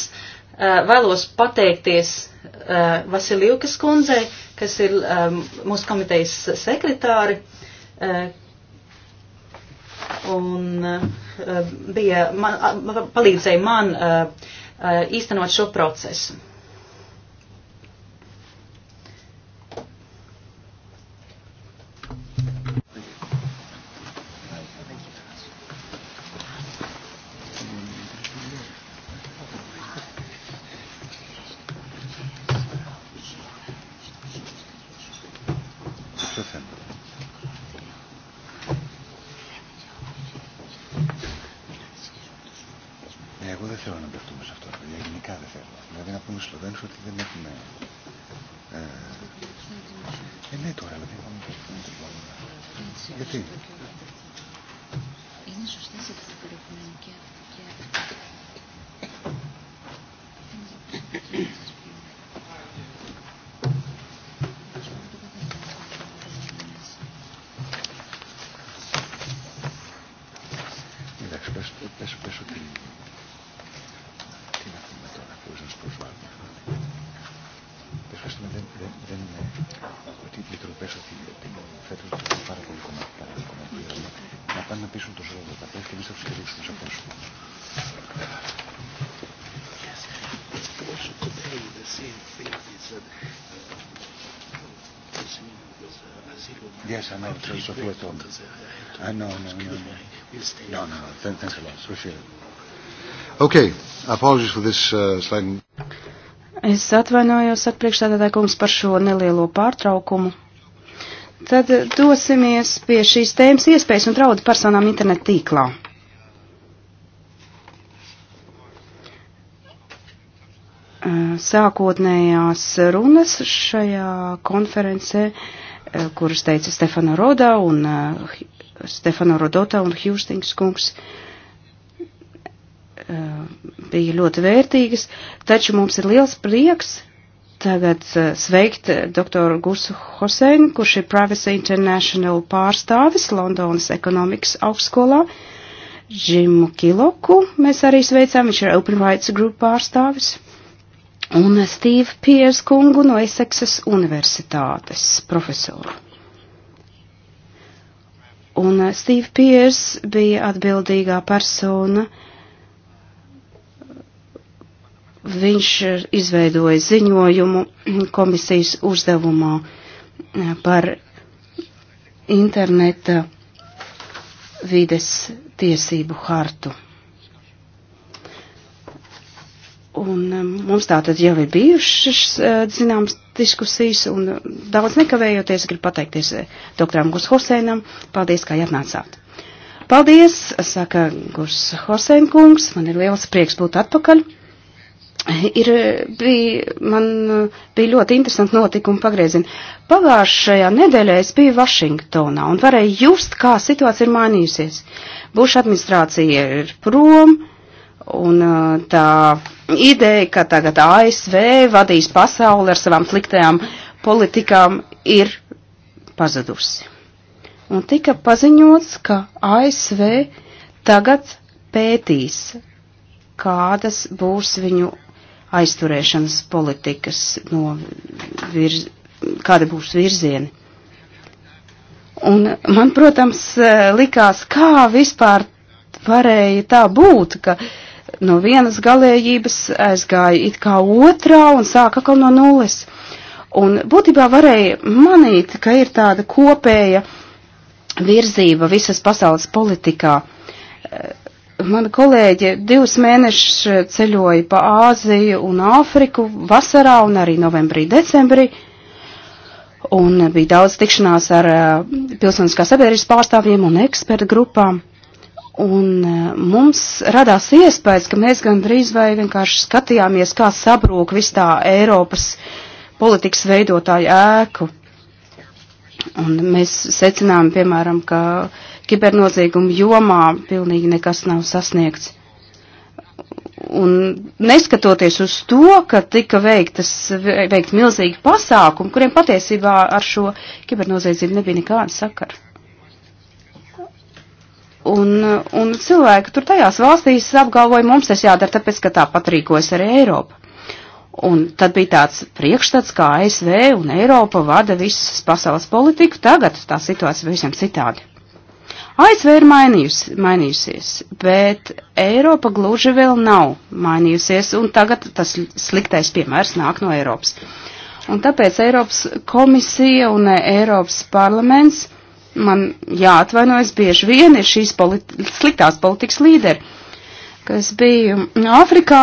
C: eh, vēlos pateikties eh, Vasiljūkas kundzei, kas ir eh, mūsu komitejas sekretāri, un bija, man, palīdzēja man īstenot šo procesu. il suo fiatone. Ah no, no, no. No, no, no. Thanks a lot. Appreciate it.
B: Okay. Apologies for this uh, slight... Es atvainojos ar priekšstādātāju kungs par šo nelielo pārtraukumu. Tad dosimies pie šīs tēmas iespējas un draudu personām internet tīklā. Sākotnējās runas šajā konferencē uh, Eh, kuras teica Stefano Roda un uh, Stefano Rodota un Hjūstings kungs uh, bija ļoti vērtīgas, taču mums ir liels prieks tagad uh, sveikt doktoru Gusu Hoseinu, kurš ir Privacy International pārstāvis Londonas ekonomikas augstskolā. Džimu Kiloku mēs arī sveicām, viņš ir Open Rights Group pārstāvis un Steve Piers kungu no Eseksas universitātes profesoru. Un eh, Steve Piers bija atbildīgā persona. Viņš eh, izveidoja ziņojumu *clears throat* komisijas uzdevumā eh, par interneta vides tiesību hartu. Un um, mums tā tad jau ir bijušas, uh, zināms, diskusijas, un uh, daudz nekavējoties gribu pateikties uh, doktoram Gus Hoseinam. Paldies, kā atnācāt. Paldies, saka Gus Hosein kungs, man ir liels prieks būt atpakaļ. Ir, bija, man bija ļoti interesanti notikumi pagriezieni. Pagājušajā nedēļā es biju Vašingtonā un varēju just, kā situācija ir mainījusies. Buša administrācija ir prom Un uh, tā ideja, ka tagad ASV vadīs pasauli ar savām sliktajām politikām, ir pazudusi. Un tika paziņots, ka ASV tagad pētīs, kādas būs viņu aizturēšanas politikas, no virz, kāda būs virzieni. Un man, protams, eh, likās, kā vispār varēja tā būt, ka uh, no vienas galējības aizgāja it kā otrā un sāka atkal no nulles. Un būtībā varēja manīt, ka ir tāda kopēja virzība visas pasaules politikā. Mana kolēģe divus mēnešus ceļoja pa Āziju un Āfriku vasarā un arī novembrī, decembrī. Un bija daudz tikšanās ar eh, pilsoniskā sabiedrības pārstāvjiem un ekspertu grupām. Un e, mums radās iespējas, ka mēs gandrīz vai vienkārši skatījāmies, kā sabrūk vis tā Eiropas politikas veidotāju ēku. Un mēs secinām, piemēram, ka kibernozīguma jomā pilnīgi nekas nav sasniegts. Un neskatoties uz to, ka tika veiktas, veikt milzīgi pasākumi, kuriem patiesībā ar šo kibernozīdzību nebija nekāda sakara. Un, un cilvēki tur tajās valstīs apgalvoja, mums tas jādara, tāpēc, ka tāpat rīkojas arī Eiropa. Un tad bija tāds priekšstats, kā ASV un Eiropa vada visas pasaules politiku, tagad tā situācija visam citādi. ASV ir mainījusi, mainījusies, bet Eiropa gluži vēl nav mainījusies, un tagad tas sliktais piemērs nāk no Eiropas. Un tāpēc Eiropas komisija un Eiropas parlaments man jāatvainojas, bieži vien ir šīs politi sliktās politikas līderi, kas bija Āfrikā,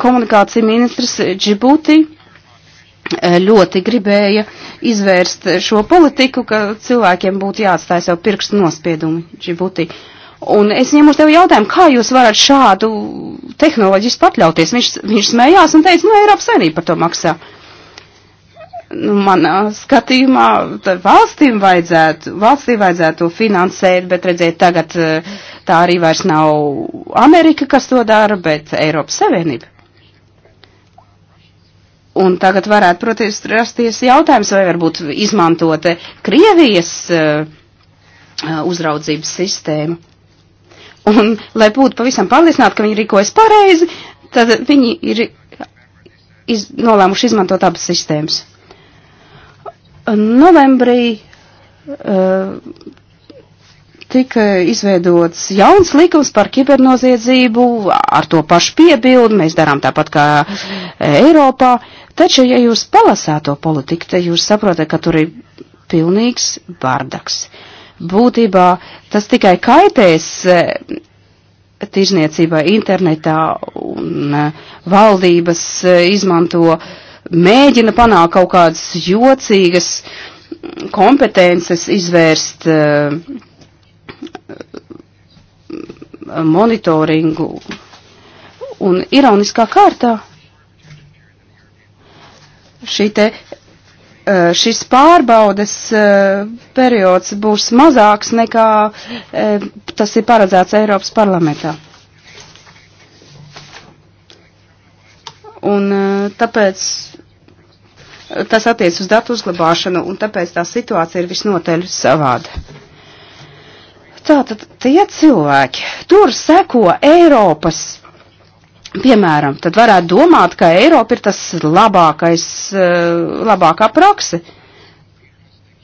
B: komunikācija ministrs Džibuti eh, ļoti gribēja izvērst šo politiku, ka cilvēkiem būtu jāatstāj sev pirkstu nospiedumi Džibuti. Un es ņemu uz tevi jautājumu, kā jūs varat šādu tehnoloģiju patļauties? Viņš, viņš smējās un teica, nu, Eiropas saimnība par to maksā. Uh, nu, manā skatījumā valstīm vajadzētu, valstī vajadzētu to finansēt, bet redziet, tagad eh, tā arī vairs nav Amerika, kas to dara, bet Eiropas Savienība. Un tagad varētu, protams, rasties jautājums, vai varbūt izmantot Krievijas uh, uzraudzības sistēmu. Un, lai būtu pavisam pārliecināti, ka viņi rīkojas pareizi, tad viņi ir iz, nolēmuši izmantot abas sistēmas. Novembrī uh, tika izveidots jauns likums par kibernoziedzību, ar to pašu piebildu, mēs darām tāpat kā eh, Eiropā, taču, ja jūs palasāt to politiku, tad jūs saprotat, ka tur ir pilnīgs bardaks. Būtībā tas tikai kaitēs eh, tirzniecībai internetā un valdības izmanto uh, mēģina panākt kaut kādas jocīgas kompetences, izvērst uh, monitoringu. Un ironiskā kārtā šī te, uh, šis pārbaudes uh, periods būs mazāks nekā tas ir paredzēts Eiropas parlamentā. Un tāpēc tas attiec uz datu uzglabāšanu, un tāpēc tā situācija ir visnotaļ savāda. Tātad tie cilvēki, tur seko Eiropas, piemēram, tad varētu domāt, ka Eiropa ir tas labākais, eh, labākā prakse.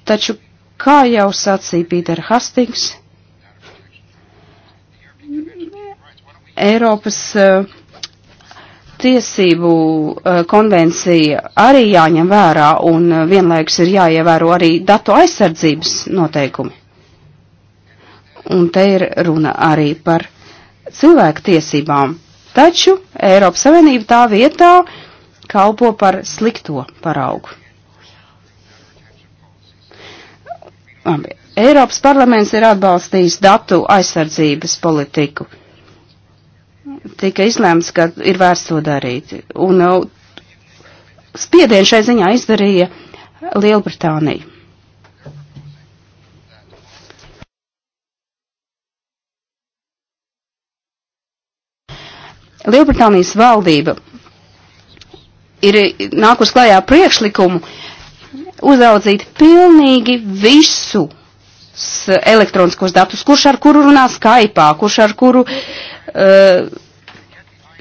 B: Taču, kā jau sacīja Pīter Hastings, Eiropas uh, tiesību eh, konvencija arī jāņem vērā un eh, vienlaikus ir jāievēro arī datu aizsardzības noteikumi. Un te ir runa arī par cilvēku tiesībām. Taču Eiropas Savienība tā vietā kalpo par slikto paraugu. Labi. Eiropas parlaments ir atbalstījis datu aizsardzības politiku tika izlēmts, ka ir vērts to darīt. Un uh, spiedienu šai ziņā izdarīja Lielbritānija. Lielbritānijas valdība ir nākus klajā priekšlikumu uzaudzīt pilnīgi visus elektroniskos datus, kurš ar kuru runā Skype, kurš ar kuru uh, Uh,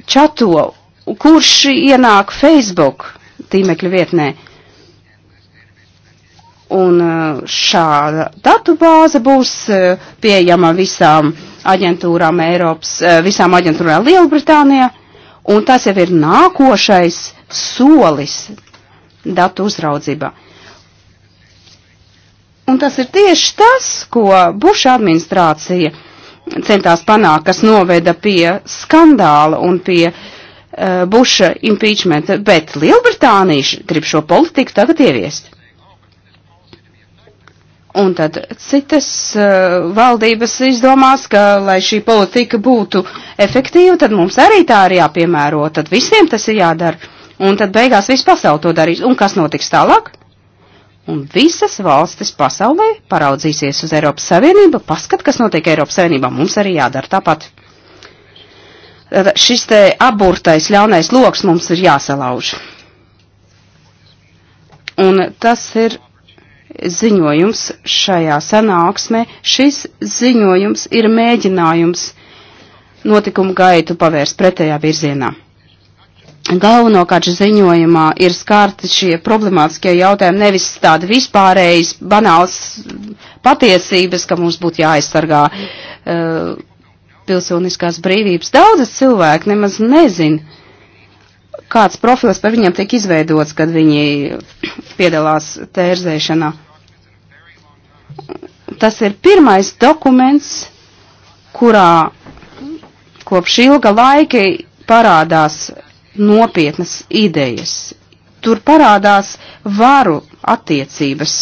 B: čato, kurš ienāk Facebook tīmekļa vietnē. Un uh, šāda datu bāze būs uh, pieejama visām aģentūrām Eiropas, visām aģentūrām Lielbritānijā, un tas jau ir nākošais solis datu uzraudzībā. Un tas ir tieši tas, ko Buša administrācija centās panākt, kas noveda pie skandāla un pie uh, Buša impeachmenta, bet Lielbritānija grib šo politiku tagad ieviest. Un tad citas uh, valdības izdomās, ka, lai šī politika būtu efektīva, tad mums arī tā ir jāpiemēro, tad visiem tas ir jādara. Un tad beigās viss pasauli to darīs. Un kas notiks tālāk? Un visas valstis pasaulē paraudzīsies uz Eiropas Savienību, paskat, kas notiek Eiropas Savienībā, mums arī jādara tāpat. Šis te aburtais ļaunais loks mums ir jāsalauž. Un tas ir ziņojums šajā sanāksmē. Šis ziņojums ir mēģinājums notikumu gaitu pavērst pretējā virzienā galvenokārt ziņojumā ir skārti šie problemātiskie jautājumi, nevis tāda vispārējas, banāls patiesības, ka mums būtu jāaizsargā uh, pilsoniskās brīvības. Daudzas cilvēki nemaz nezin, kāds profils par viņiem tiek izveidots, kad viņi *clears throat* piedalās tērzēšanā. Tas ir pirmais dokuments, kurā kopš ilga laika parādās nopietnas idejas. Tur parādās varu attiecības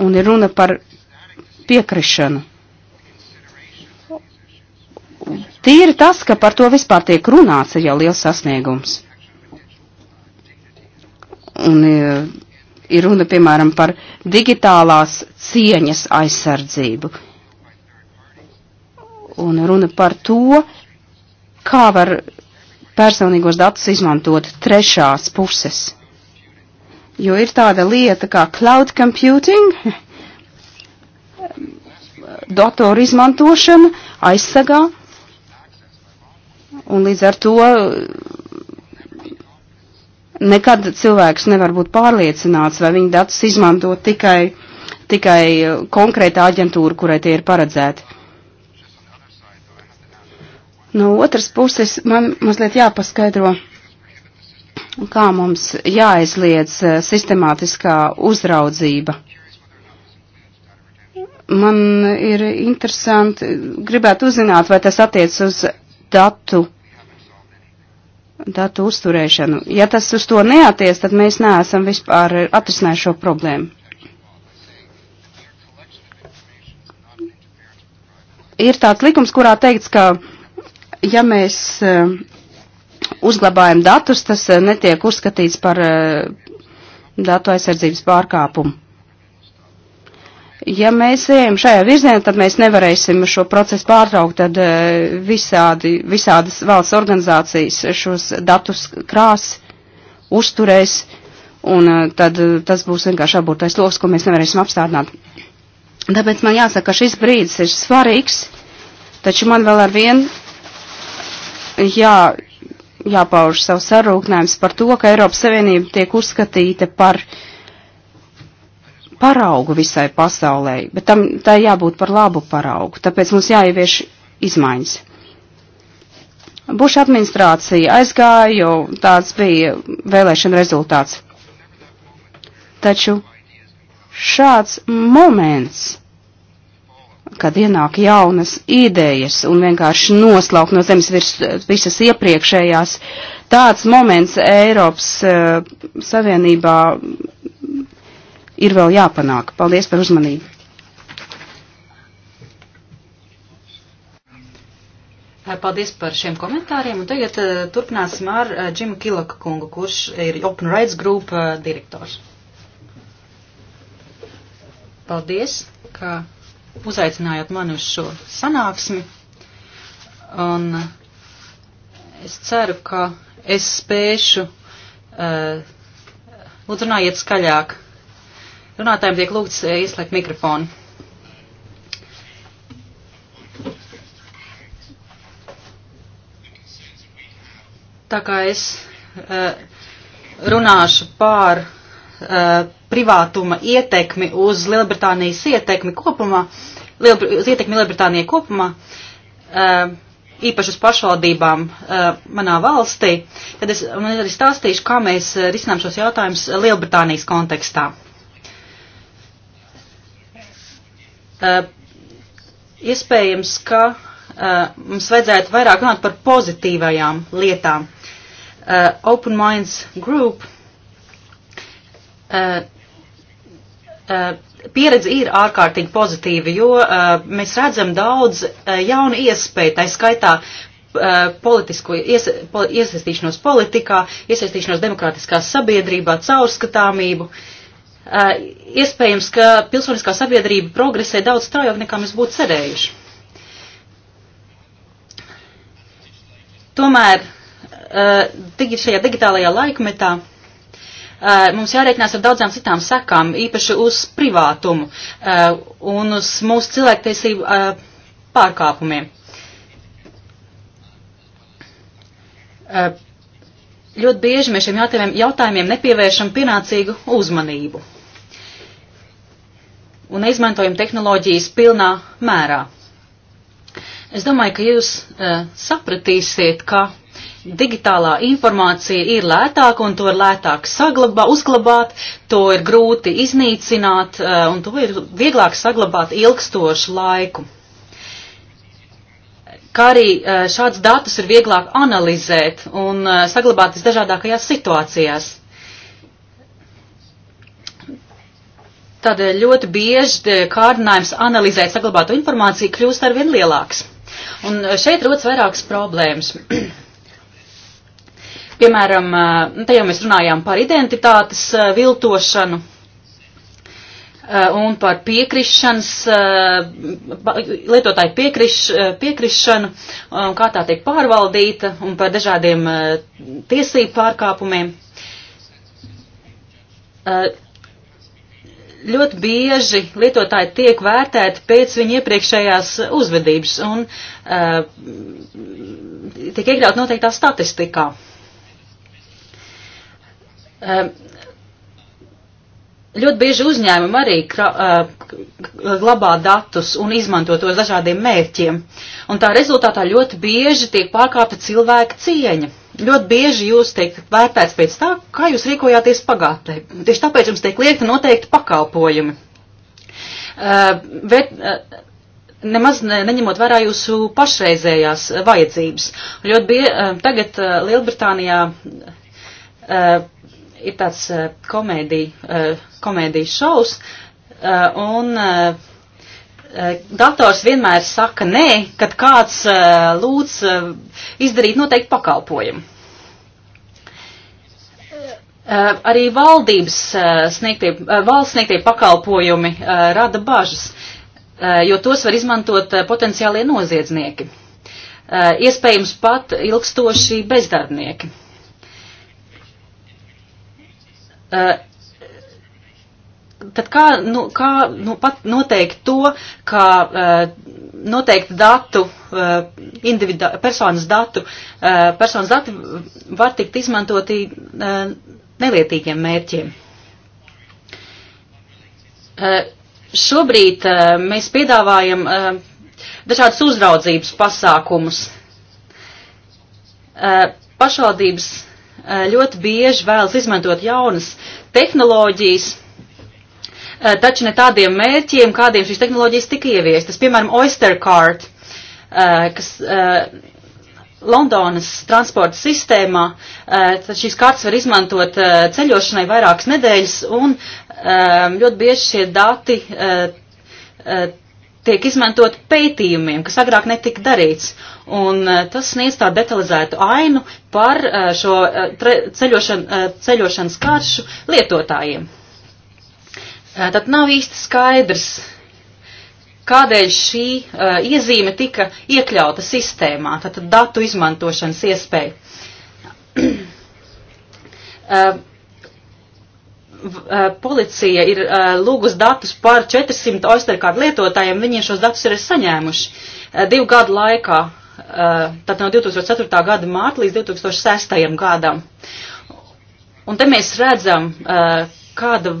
B: un ir runa par piekrišanu. Tīri tas, ka par to vispār tiek runāts, ir jau liels sasniegums. Un ir, e, ir runa, piemēram, par digitālās cieņas aizsardzību. Un runa par to, kā var personīgos datus izmantot trešās puses. Jo ir tāda lieta kā cloud computing, *laughs* datoru izmantošana aizsargā, un līdz ar to nekad cilvēks nevar būt pārliecināts, vai viņa datus izmanto tikai, tikai konkrēta aģentūra, kurai tie ir paredzēti. No otras puses man mazliet jāpaskaidro, kā mums jāizliedz eh, sistemātiskā uzraudzība. Man ir interesanti, gribētu uzzināt, vai tas attiec uz datu, datu uzturēšanu. Ja tas uz to neaties, tad mēs neesam vispār atrisinājuši šo problēmu. Ir tāds likums, kurā teikts, ka ja mēs eh, uzglabājam datus, tas eh, netiek uzskatīts par eh, datu aizsardzības pārkāpumu. Ja mēs ejam šajā virzienā, tad mēs nevarēsim šo procesu pārtraukt, tad visādi, visādas valsts organizācijas šos datus krās, uzturēs, un tad tas būs vienkārši aburtais loks, ko mēs nevarēsim apstādināt. Tāpēc man jāsaka, ka šis brīdis ir svarīgs, taču man vēl ar vienu jā, jāpauž savs sarūknējums par to, ka Eiropas Savienība tiek uzskatīta par paraugu visai pasaulē, bet tam tā jābūt par labu paraugu, tāpēc mums jāievieš izmaiņas. Buša administrācija aizgāja, jo tāds bija vēlēšana rezultāts. Taču šāds moments kad ienāk jaunas idejas un vienkārši noslaukt no zemes virs, visas iepriekšējās, tāds moments Eiropas uh, Savienībā ir vēl jāpanāk. Paldies par uzmanību.
C: Eh, paldies par šiem komentāriem, un tagad uh, turpināsim ar uh, Džimu Kilaka kungu, kurš ir Open Rights Group uh, direktors. Paldies, ka uzaicinājāt mani uz šo sanāksmi. Un es ceru, ka es spēšu. Uh, lūdzu, runājiet skaļāk. Runātājiem tiek lūgts uh, ieslēgt mikrofonu. Tā kā es uh, runāšu pār uh, privātuma ietekmi uz Lielbritānijas ietekmi kopumā, Lielbr uz ietekmi Lielbritānijai kopumā, eh, īpaši uz pašvaldībām eh, manā valstī, tad es arī stāstīšu, kā mēs eh, risinām šos jautājumus Lielbritānijas kontekstā. Iespējams, ka mums vajadzētu vairāk runāt par pozitīvajām lietām. Open Minds Group Eh, pieredze ir ārkārtīgi pozitīva, jo eh, mēs redzam daudz eh, jaunu iespēju, tā skaitā politisko ies, iesaistīšanos politikā, iesaistīšanos demokrātiskā sabiedrībā, caurskatāmību. Iespējams, ka pilsoniskā sabiedrība progresē daudz straujāk nekā mēs būtu cerējuši. Tomēr šajā digitālajā laikmetā Eh, mums jārēķinās ar daudzām citām sekām, īpaši uz privātumu eh, un uz mūsu cilvēktiesību eh, pārkāpumiem. Ļoti bieži mēs šiem jautājumiem nepievēršam pienācīgu uzmanību un neizmantojam tehnoloģijas pilnā mērā. Es domāju, ka jūs uh, sapratīsiet, ka digitālā informācija ir lētāka un to ir lētāk saglabā, uzglabāt, to ir grūti iznīcināt eh, un to ir vieglāk saglabāt ilgstošu laiku. Kā arī eh, šāds datus ir vieglāk analizēt un eh, saglabāt visdažādākajās situācijās. Tādēļ ļoti bieži kārdinājums analizēt saglabāto informāciju kļūst arvien lielāks. Un šeit rodas vairākas problēmas. *clears throat* Piemēram, eh, nu, te jau mēs runājām par identitātes eh, viltošanu eh, un par piekrišanas, lietotāju piekriš, piekrišanu, kā tā tiek pārvaldīta un par dažādiem tiesību pārkāpumiem. Ļoti bieži lietotāji tiek vērtēti pēc viņa iepriekšējās uzvedības un uh, tiek iekļaut noteiktā statistikā. Uh, Ehm, ļoti bieži uzņēmumi arī ehm, glabā datus un izmanto tos dažādiem mērķiem, un tā rezultātā ļoti bieži tiek pārkāpta cilvēka cieņa. Ļoti bieži jūs tiek vērtēts pēc tā, kā jūs rīkojāties pagātnē. Tieši tāpēc jums tiek liekta noteikti pakalpojumi. Ehm, bet nemaz ne, neņemot vērā jūsu pašreizējās vajadzības. Ļoti bie, tagad Lielbritānijā ir tāds eh, komēdija, eh, komēdijas šovs, eh, un dators vienmēr saka nē, kad kāds lūdz izdarīt noteikti pakalpojumu. Arī valdības sniegtie, valsts sniegtie pakalpojumi rada bažas, jo tos var izmantot potenciālie noziedznieki, iespējams pat ilgstoši bezdarbnieki Eh, tad kā, nu, kā nu, pat noteikt to, ka uh, eh, noteikti datu, uh, personas datu, uh, personas dati var tikt izmantoti uh, nelietīgiem mērķiem? Uh, šobrīd uh, mēs piedāvājam uh, dažādas uzraudzības pasākumus. Uh, pašvaldības Eh, ļoti bieži vēlas izmantot jaunas tehnoloģijas, eh, taču ne tādiem mērķiem, kādiem šīs tehnoloģijas tika ieviestas. Piemēram, Oystercard, eh, kas Londonas transporta sistēmā, tad šīs kartas var izmantot ceļošanai vairākas nedēļas, un ļoti bieži šie dati tiek izmantot pētījumiem, kas agrāk netika darīts. Un eh, tas sniedz tādu detalizētu ainu par eh, šo eh, tre, ceļošan, ceļošanas karšu lietotājiem. Tad nav īsti skaidrs, kādēļ šī iezīme tika iekļauta sistēmā, tātad datu izmantošanas iespēja. *clears throat* Eh, policija ir eh, lūgus datus par 400 Oysterkārdu lietotājiem, viņi šos datus ir saņēmuši eh, divu gadu laikā, tad no 2004. gada mārta līdz 2006. gadam. Un te mēs redzam, kādu,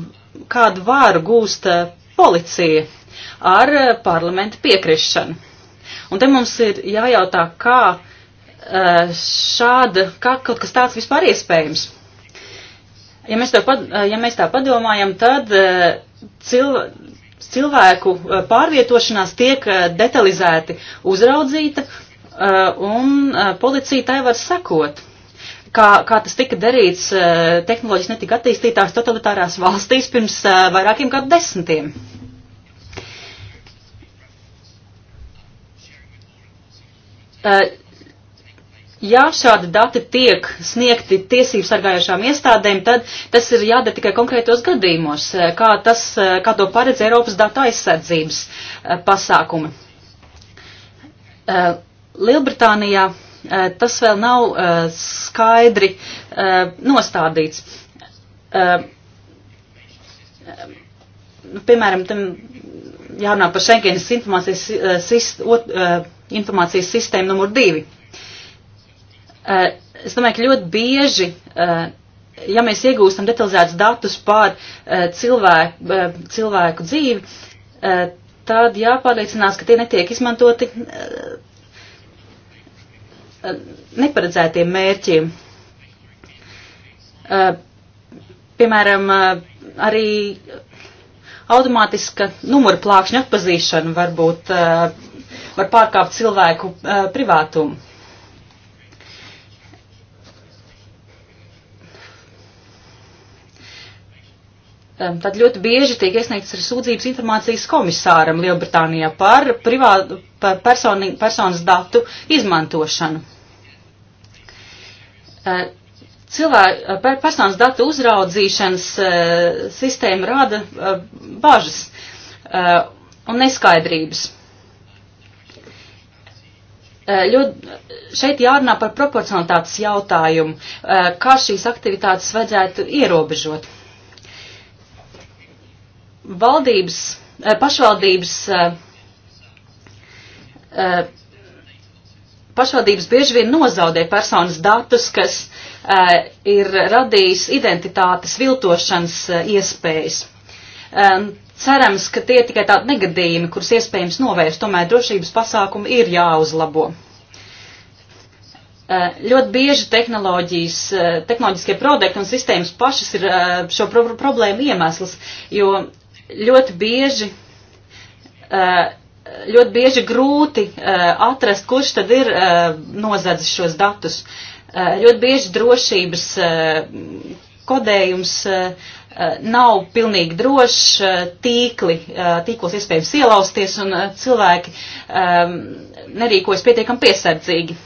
C: kādu vāru gūst policija ar parlamentu piekrišanu. Un te mums ir jājautā, kā šāda, kā kaut kas tāds vispār iespējams ja mēs, pad, ja mēs tā padomājam, tad e, cilv, cilvēku e, pārvietošanās tiek e, detalizēti uzraudzīta un policija tai var sekot. Kā, kā tas tika darīts tehnoloģiski netika attīstītās totalitārās valstīs pirms vairākiem gadu desmitiem. Uh, ja šādi dati tiek sniegti tiesību sargājušām iestādēm, tad tas ir jādara tikai konkrētos gadījumos, eh, kā, tas, eh, kā to paredz Eiropas datu aizsardzības eh, pasākumi. Lielbritānijā tas vēl nav skaidri nostādīts. Nu, piemēram, tam jārunā par Schengenas informācijas, informācijas sistēmu numur divi. Eh, es domāju, ka ļoti bieži, eh, ja mēs iegūstam detalizētus datus par eh, cilvēku, cilvēku dzīvi, tad jāpārliecinās, ka tie netiek izmantoti neparedzētiem mērķiem. Piemēram, arī automātiska numura plākšņa atpazīšana varbūt var pārkāpt cilvēku privātumu. Ehm, tad ļoti bieži tiek iesniegtas arī sūdzības informācijas komisāram Lielbritānijā par, privā, par personi, personas datu izmantošanu. Ehm, Cilvēku eh, personas datu uzraudzīšanas eh, sistēma rada eh, bažas un neskaidrības. Ļoti, šeit jārunā par proporcionalitātes jautājumu, kā šīs aktivitātes vajadzētu ierobežot valdības, eh, pašvaldības, eh, eh, pašvaldības bieži vien nozaudē personas datus, kas ir radījis identitātes viltošanas iespējas. Cerams, ka tie tikai tādi negadījumi, kurus iespējams novērst, tomēr drošības pasākumi ir jāuzlabo. Ļoti bieži tehnoloģijas, tehnoloģiskie produkti un sistēmas pašas ir šo problēmu iemesls, jo ļoti bieži, eh, ļoti bieži grūti eh, atrast, kurš tad ir eh, nozadzis šos datus. Ļoti bieži drošības kodējums nav pilnīgi drošs, tīkli, tīklos iespējams ielausties un cilvēki nerīkojas pietiekam piesardzīgi.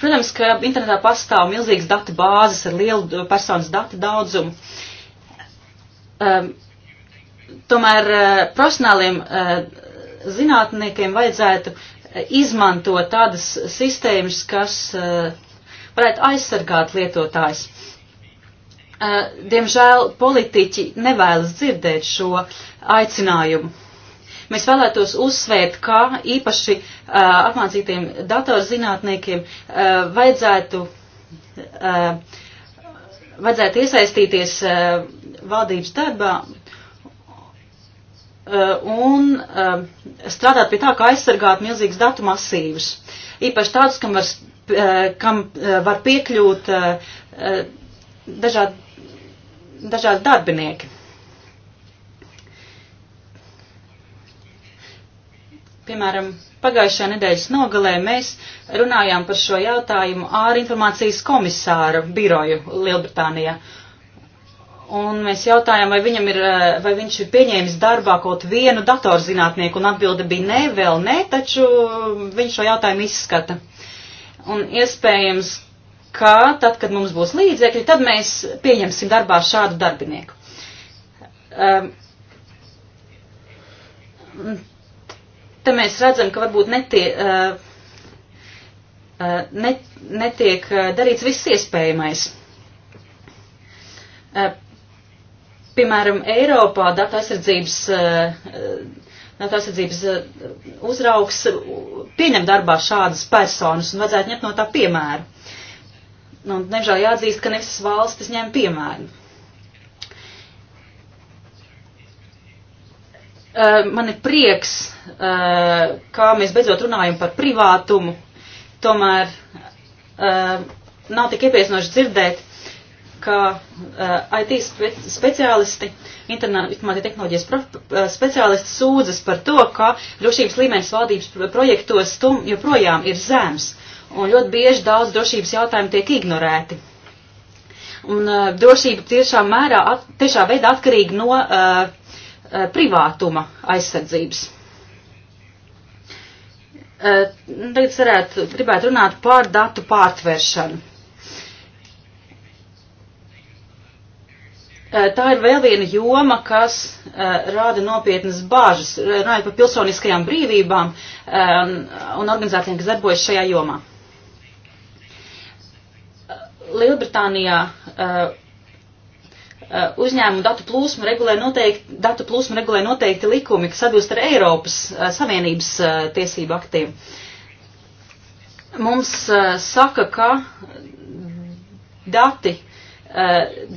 C: Protams, ka internetā pastāv milzīgas datu bāzes ar lielu uh, personas datu daudzumu. Um, tomēr uh, profesionāliem uh, zinātniekiem vajadzētu uh, izmantot tādas sistēmas, kas uh, varētu aizsargāt lietotājs. Uh, diemžēl politiķi nevēlas dzirdēt šo aicinājumu. Mēs vēlētos uzsvērt, kā īpaši uh, apmācītiem datorzinātniekiem uh, vajadzētu, uh, vajadzētu iesaistīties uh, valdības darbā un strādāt pie tā, kā aizsargāt milzīgas datu masīvas. Īpaši tādus, kam var, kam var piekļūt dažādi, dažādi darbinieki. Piemēram, pagājušajā nedēļas nogalē mēs runājām par šo jautājumu ar informācijas komisāru biroju Lielbritānijā. Un mēs jautājām, vai, ir, eh, vai viņš ir pieņēmis darbā kaut vienu datorzinātnieku, un atbilde bija nē, vēl nē, taču viņš šo jautājumu izskata. Un iespējams, ka tad, kad mums būs līdzekļi, tad mēs pieņemsim darbā šādu darbinieku. Um, te mēs redzam, ka varbūt netie, uh, uh, ne, netiek uh, darīts viss iespējamais. Piemēram, Eiropā datu aizsardzības, datu aizsardzības uzraugs pieņem darbā šādas personas un vajadzētu ņemt no tā piemēru. Nu, un, diemžēl, jāatzīst, ka ne visas valstis ņem piemēru. Eh, Man ir prieks, eh, kā mēs beidzot runājam par privātumu. Tomēr eh, nav tik iepriecinoši dzirdēt, ka IT speciālisti, informācija tehnoloģijas prof, speciālisti sūdzas par to, ka drošības līmenis valdības projektos stum, joprojām ir zems. Un ļoti bieži daudz drošības jautājumu tiek ignorēti un uh, drošība tiešām mērā, at, tiešā veidā atkarīga no uh, Eh, privātuma aizsardzības. Eh, tagad varētu, gribētu runāt par datu pārtveršanu. Eh, tā ir vēl viena joma, kas rāda nopietnas bāžas, runājot par pilsoniskajām brīvībām un organizācijām, kas darbojas šajā jomā. Lielbritānijā Eh, uzņēmumu datu plūsmu regulē noteikti, datu plūsmu regulē noteikti likumi, kas atbilst ar Eiropas eh, Savienības eh, tiesību aktiem. Mums saka, ka dati,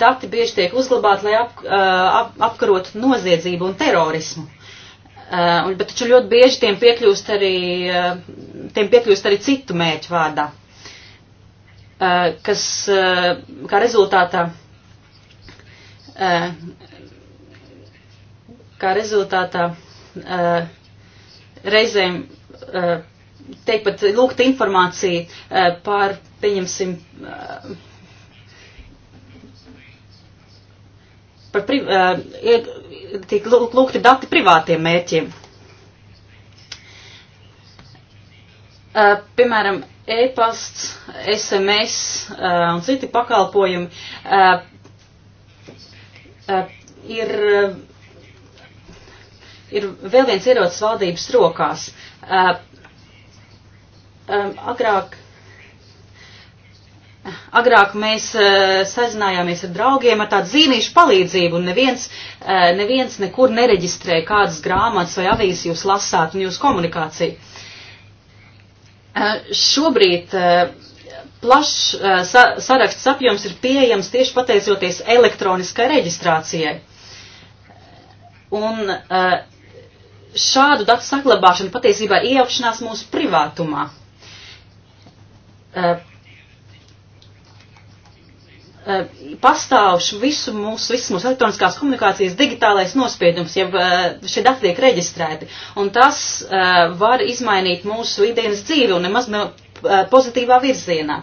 C: dati bieži tiek uzglabāti, lai ap, ap, apkarotu noziedzību un terorismu. Bet taču ļoti bieži tiem piekļūst arī, tiem piekļūst arī citu mērķu vārdā, kas kā rezultātā Eh, kā rezultātā eh, reizēm eh, teikt pat lūgt informāciju par, pieņemsim, par priv, tiek lūgti dati privātiem mērķiem. Piemēram, e-pasts, SMS un citi pakalpojumi Eh, ir, eh, ir vēl viens ierocis valdības rokās. Eh, agrāk, agrāk mēs sazinājāmies ar draugiem ar tādu zīmīšu palīdzību, un neviens, neviens nekur nereģistrē kādas grāmatas vai avīzes jūs lasāt un jūs komunikāciju. Šobrīd uh, plašs eh, sa, saraksts apjoms ir pieejams tieši pateicoties elektroniskai reģistrācijai. Un eh, šādu datu saglabāšana patiesībā ir iejaukšanās mūsu privātumā. Eh, Pastāvš visu mūsu, visas mūsu elektroniskās komunikācijas digitālais nospiedums, ja šie dati tiek reģistrēti, un tas var izmainīt mūsu ikdienas dzīvi, un nemaz nav pozitīvā virzienā.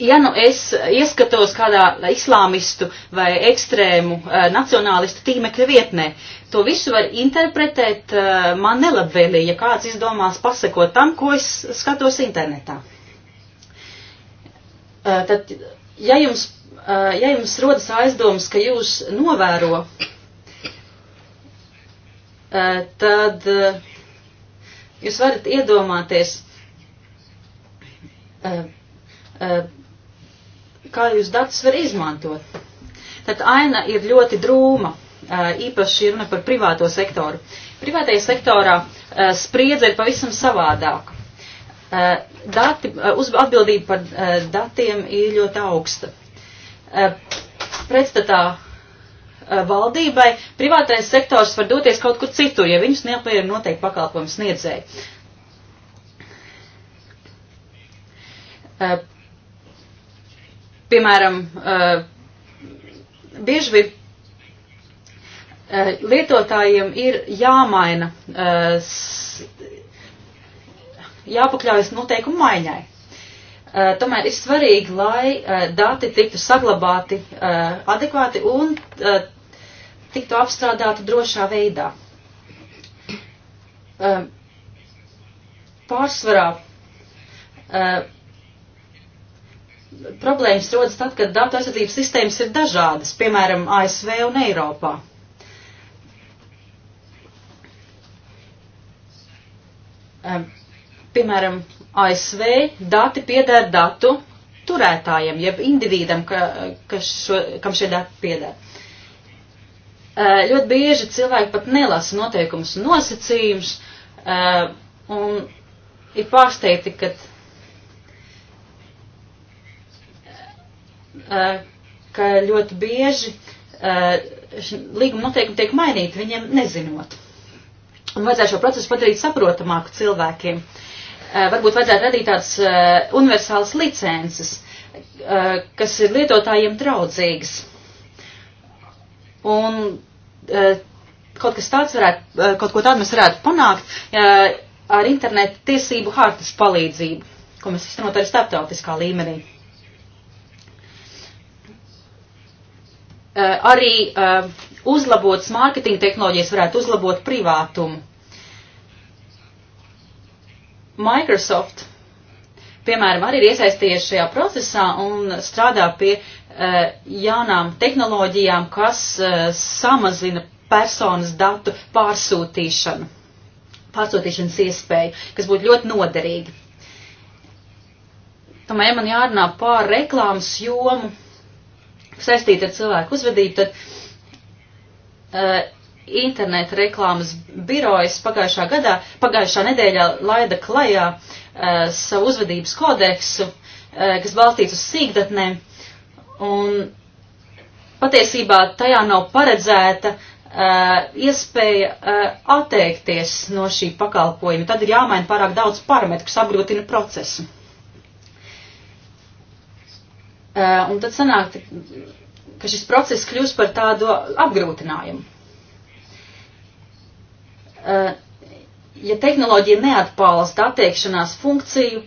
C: Ja nu es ieskatos kādā islāmistu vai ekstrēmu nacionālistu tīmekļa vietnē, to visu var interpretēt man nelabvēlīgi, ja kāds izdomās pasakot tam, ko es skatos internetā. Tad, ja jums, ja jums rodas aizdoms, ka jūs novēro tad jūs varat iedomāties, Eh, eh, kā jūs datus var izmantot. Tad aina ir ļoti drūma, eh, īpaši runa par privāto sektoru. Privātajā sektorā spriedze ir pavisam savādāka. Dati, atbildība par datiem ir ļoti augsta. Pretstatā valdībai privātais sektors var doties kaut kur citur, ja viņus neapmierina noteikti pakalpojumu sniedzēji. Eh, piemēram, eh, bieži vien eh, lietotājiem ir jāmaina, jāpakļaujas noteikumu maiņai. Tomēr ir svarīgi, lai dati tiktu saglabāti adekvāti un tiktu apstrādāti drošā veidā. Pārsvarā problēmas rodas tad, kad datu aizsardzības sistēmas ir dažādas, piemēram, ASV un Eiropā. Piemēram, ASV dati pieder datu turētājiem, jeb individam, ka, ka šo, kam šie dati pieder. Ļoti bieži cilvēki pat nelasa noteikumus un nosacījumus, un ir pārsteigti, ka Eh, ka ļoti bieži eh, līguma noteikumi tiek mainīti viņiem nezinot. Un vajadzētu šo procesu padarīt saprotamāku cilvēkiem. Eh, varbūt vajadzētu radīt tādas universālas licences, kas ir lietotājiem draudzīgas. Un kaut kas tāds varētu, kaut ko tādu mēs varētu panākt ar internetu tiesību hartas palīdzību, ko mēs iztenot arī starptautiskā līmenī. Eh, arī eh, uzlabotas mārketinga tehnoloģijas varētu uzlabot privātumu. Microsoft, piemēram, arī ir iesaistījies šajā procesā un strādā pie eh, jaunām tehnoloģijām, kas samazina personas datu pārsūtīšanu, pārsūtīšanas iespēju, kas būtu ļoti noderīgi. Tomēr man jārunā pār reklāmas jomu saistīti ar cilvēku uzvedību, tad uh, interneta reklāmas birojas pagājušā gadā, pagājušā nedēļā laida klajā uh, savu uzvedības kodeksu, uh, kas balstīts uz sīkdatnēm, un patiesībā tajā nav paredzēta uh, Uh, iespēja uh, atteikties no šī pakalpojuma. Tad ir jāmaina pārāk daudz parametru, kas apgrūtina procesu. Eh, un tad sanāk, ka šis process kļūst par tādu apgrūtinājumu. Eh, ja tehnoloģija neatbalsta attiekšanās funkciju,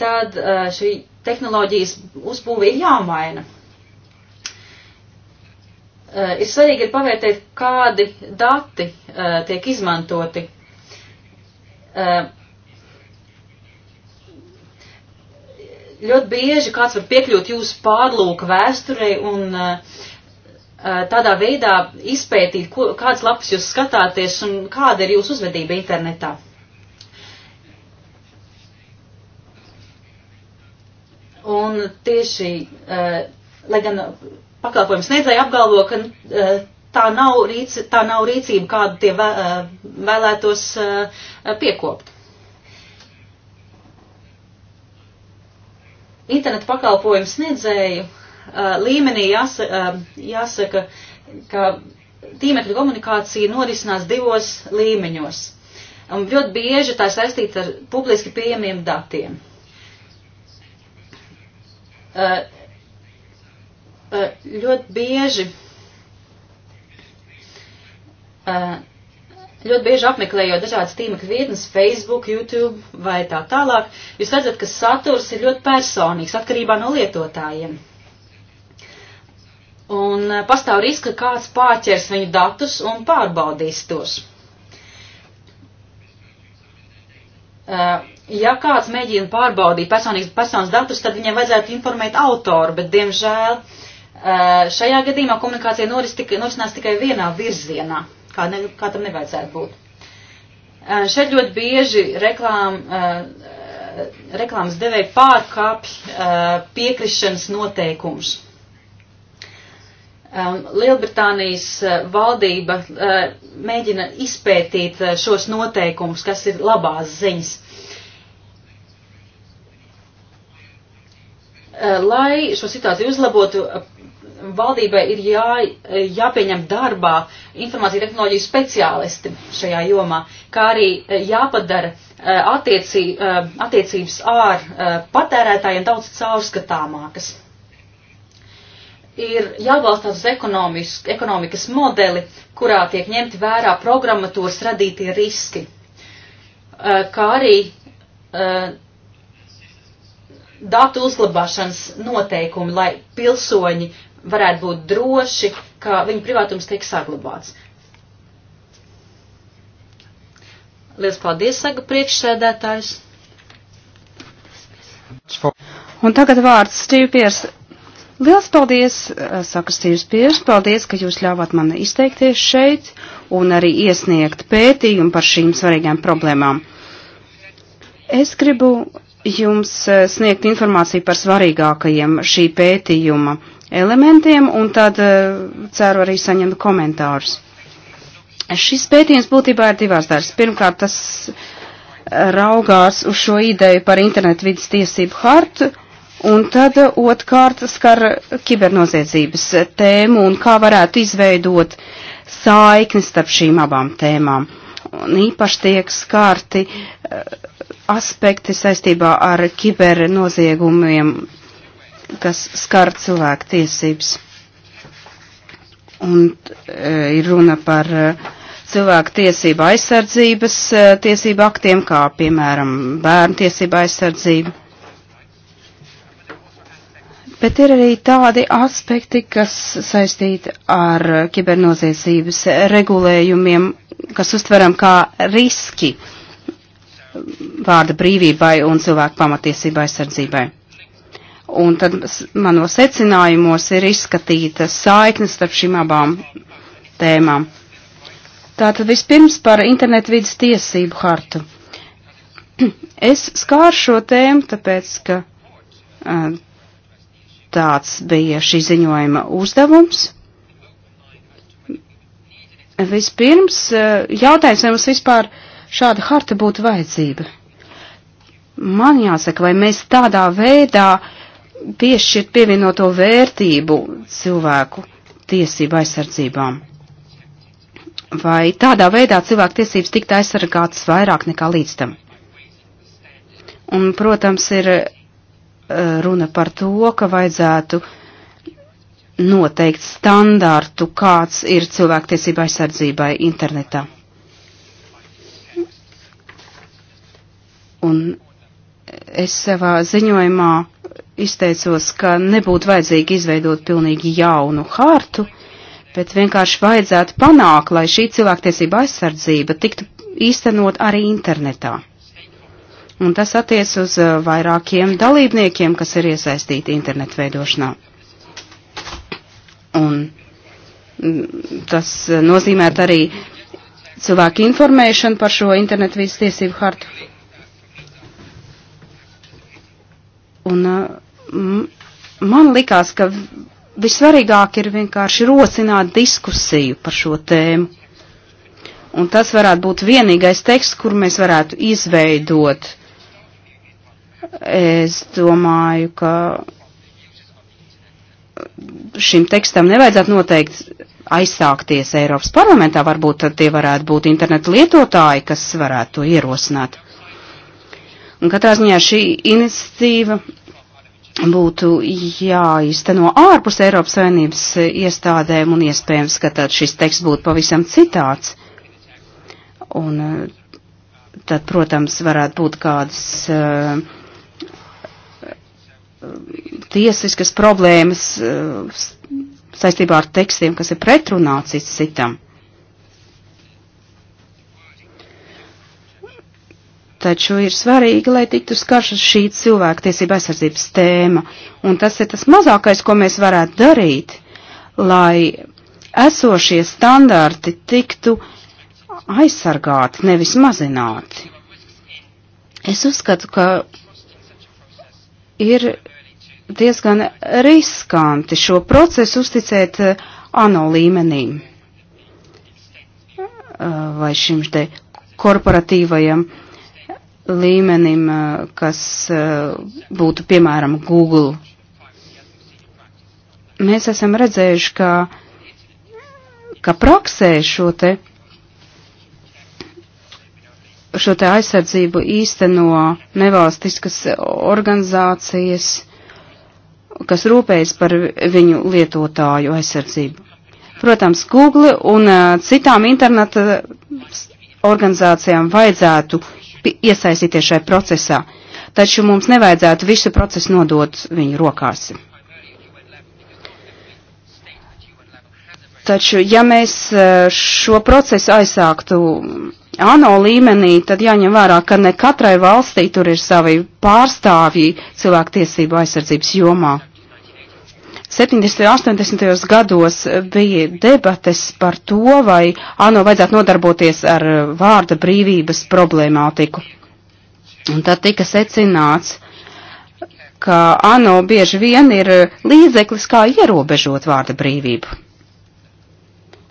C: tad eh, šī tehnoloģijas uzbūve ir jāmaina. Ir svarīgi ir pavērtēt, kādi dati tiek izmantoti. Uh, ļoti bieži kāds var piekļūt jūsu pārlūku vēsturei un uh, tādā veidā izpētīt, ko, kādas lapas jūs skatāties un kāda ir jūsu uzvedība internetā. Un tieši, uh, lai gan pakalpojums nedzēja apgalvo, ka uh, tā nav, rīc, tā nav rīcība, kādu tie vē, vēlētos piekopt. internetu pakalpojumu sniedzēju uh, līmenī jāsaka, uh, jāsaka ka tīmekļa komunikācija norisinās divos līmeņos. Un ļoti bieži tā saistīta ar publiski pieejamiem datiem. Uh, ļoti bieži ļoti bieži apmeklējot dažādas tīmekļa vietnes, Facebook, YouTube vai tā tālāk, jūs redzat, ka saturs ir ļoti personīgs atkarībā no lietotājiem. Un e, pastāv risks, ka kāds pārķers viņu datus un pārbaudīs tos. E, ja kāds mēģina pārbaudīt personīgas personas datus, tad viņam vajadzētu informēt autoru, bet, diemžēl, e, šajā gadījumā komunikācija noris tika, norisinās tikai vienā virzienā kā, ne, kā tam nevajadzētu būt. Šeit ļoti bieži reklām, reklāmas devēja pārkāpj piekrišanas noteikumus. Lielbritānijas valdība mēģina izpētīt šos noteikumus, kas ir labās ziņas. Lai šo situāciju uzlabotu, valdībai ir jā, jāpieņem darbā informācija tehnoloģiju speciālisti šajā jomā, kā arī eh, jāpadara eh, attiecī, eh, attiecības ar patērētājiem daudz caurskatāmākas ir jābalstās uz ekonomikas modeli, kurā tiek ņemti vērā programmatūras radītie riski, kā arī datu uzglabāšanas noteikumi, lai pilsoņi varētu būt droši, ka viņu privātums tiek saglabāts. Lielas paldies, saka priekšsēdētājs.
B: Un tagad vārds Steve Pierce. Liels paldies, eh, saka Stīvs Piers, paldies, ka jūs ļāvāt man izteikties šeit un arī iesniegt pētījumu par šīm svarīgām problēmām. Es gribu jums eh, sniegt informāciju par svarīgākajiem šī pētījuma elementiem, un tad eh, ceru arī saņemt komentārus. Šis pētījums būtībā ir divās daļas. Pirmkārt, tas eh, raugās uz šo ideju par internetu vidas tiesību hartu, un tad eh, otrkārt skar kibernoziedzības tēmu un kā varētu izveidot saiknis starp šīm abām tēmām. Un īpaši tiek skārti aspekti saistībā ar kibernoziegumiem kas skar cilvēku tiesības. Un e, ir runa par e, cilvēku tiesību aizsardzības e, tiesību aktiem, kā piemēram bērnu tiesību aizsardzību. Bet ir arī tādi aspekti, kas saistīti ar kibernoziedzības regulējumiem, kas uztveram kā riski vārda brīvībai un cilvēku pamatiesībai aizsardzībai. Un tad manos secinājumos ir izskatīta saiknes starp šīm abām tēmām. Tātad vispirms par internetu vidas tiesību hartu. *clears throat* Es skāru šo tēmu, tāpēc, ka uh, tāds bija šī ziņojuma uzdevums. Vispirms uh, jautājums, vai mums vispār šāda harta būtu vajadzība. Man jāsaka, vai mēs tādā veidā uh, piešķirt pievienoto vērtību cilvēku tiesību aizsardzībām? Vai tādā veidā cilvēku tiesības tikt aizsargātas vairāk nekā līdz tam? Un, protams, ir eh, runa par to, ka vajadzētu noteikt standārtu, kāds ir cilvēktiesība aizsardzībai internetā. Un es savā ziņojumā izteicos, ka nebūtu vajadzīgi izveidot pilnīgi jaunu hārtu, bet vienkārši vajadzētu panākt, lai šī cilvēktiesība aizsardzība tiktu īstenot arī internetā. Un tas attiec uz uh, vairākiem dalībniekiem, kas ir iesaistīti internetu veidošanā. Un mm, tas uh, nozīmē arī cilvēku informēšanu par šo internetu vīzes tiesību hartu. Un uh, man likās, ka visvarīgāk ir vienkārši rocināt diskusiju par šo tēmu. Un tas varētu būt vienīgais teksts, kur mēs varētu izveidot. Es domāju, ka šim tekstam nevajadzētu noteikti aizsākties Eiropas parlamentā, varbūt tie varētu būt internetu lietotāji, kas varētu to ierosināt. Un katrā ziņā šī iniciatīva būtu jāizteno ārpus Eiropas Savienības iestādēm un iespējams, ka tad šis teksts būtu pavisam citāds. Un eh, tad, protams, varētu būt kādas uh, tiesiskas problēmas uh, saistībā ar tekstiem, kas ir pretrunā cits citam. taču ir svarīgi, lai tiktu skarša šī cilvēktiesība aizsardzības tēma, un tas ir tas mazākais, ko mēs varētu darīt, lai esošie standarti tiktu aizsargāti, nevis mazināti. Es uzskatu, ka ir diezgan riskanti šo procesu uzticēt eh, ANO līmenim eh, vai šim te korporatīvajam uh, līmenim, eh, kas eh, būtu piemēram Google. Mēs esam redzējuši, ka, ka praksē šo te, šo te aizsardzību īsteno nevalstiskas organizācijas, kas rūpējas par viņu lietotāju aizsardzību. Protams, Google un eh, citām interneta organizācijām vajadzētu iesaistīties šai procesā, taču mums nevajadzētu visu procesu nodot viņu rokās. Taču, ja mēs e, šo procesu aizsāktu ANO līmenī, tad jāņem vērā, ka ne katrai valstī tur ir savi pārstāvji cilvēktiesību aizsardzības jomā. 70. un 80. gados bija debates par to, vai ANO vajadzētu nodarboties ar vārda brīvības problemātiku. Un tad tika secināts, ka ANO bieži vien ir līdzeklis, kā ierobežot vārda brīvību.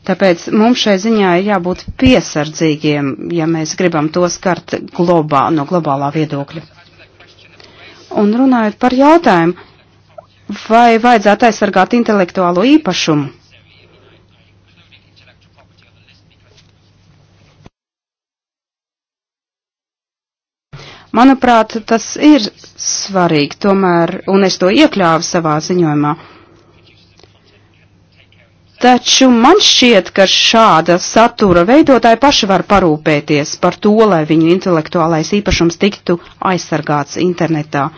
B: Tāpēc mums šai ziņā ir jābūt piesardzīgiem, ja mēs gribam to skart globā, no globālā viedokļa. Un runājot par jautājumu, vai vajadzētu aizsargāt intelektuālo īpašumu? Manuprāt, tas ir svarīgi tomēr, un es to iekļāvu savā ziņojumā. Taču man šķiet, ka šāda satura veidotāji paši var parūpēties par to, lai viņu intelektuālais īpašums tiktu aizsargāts internetā.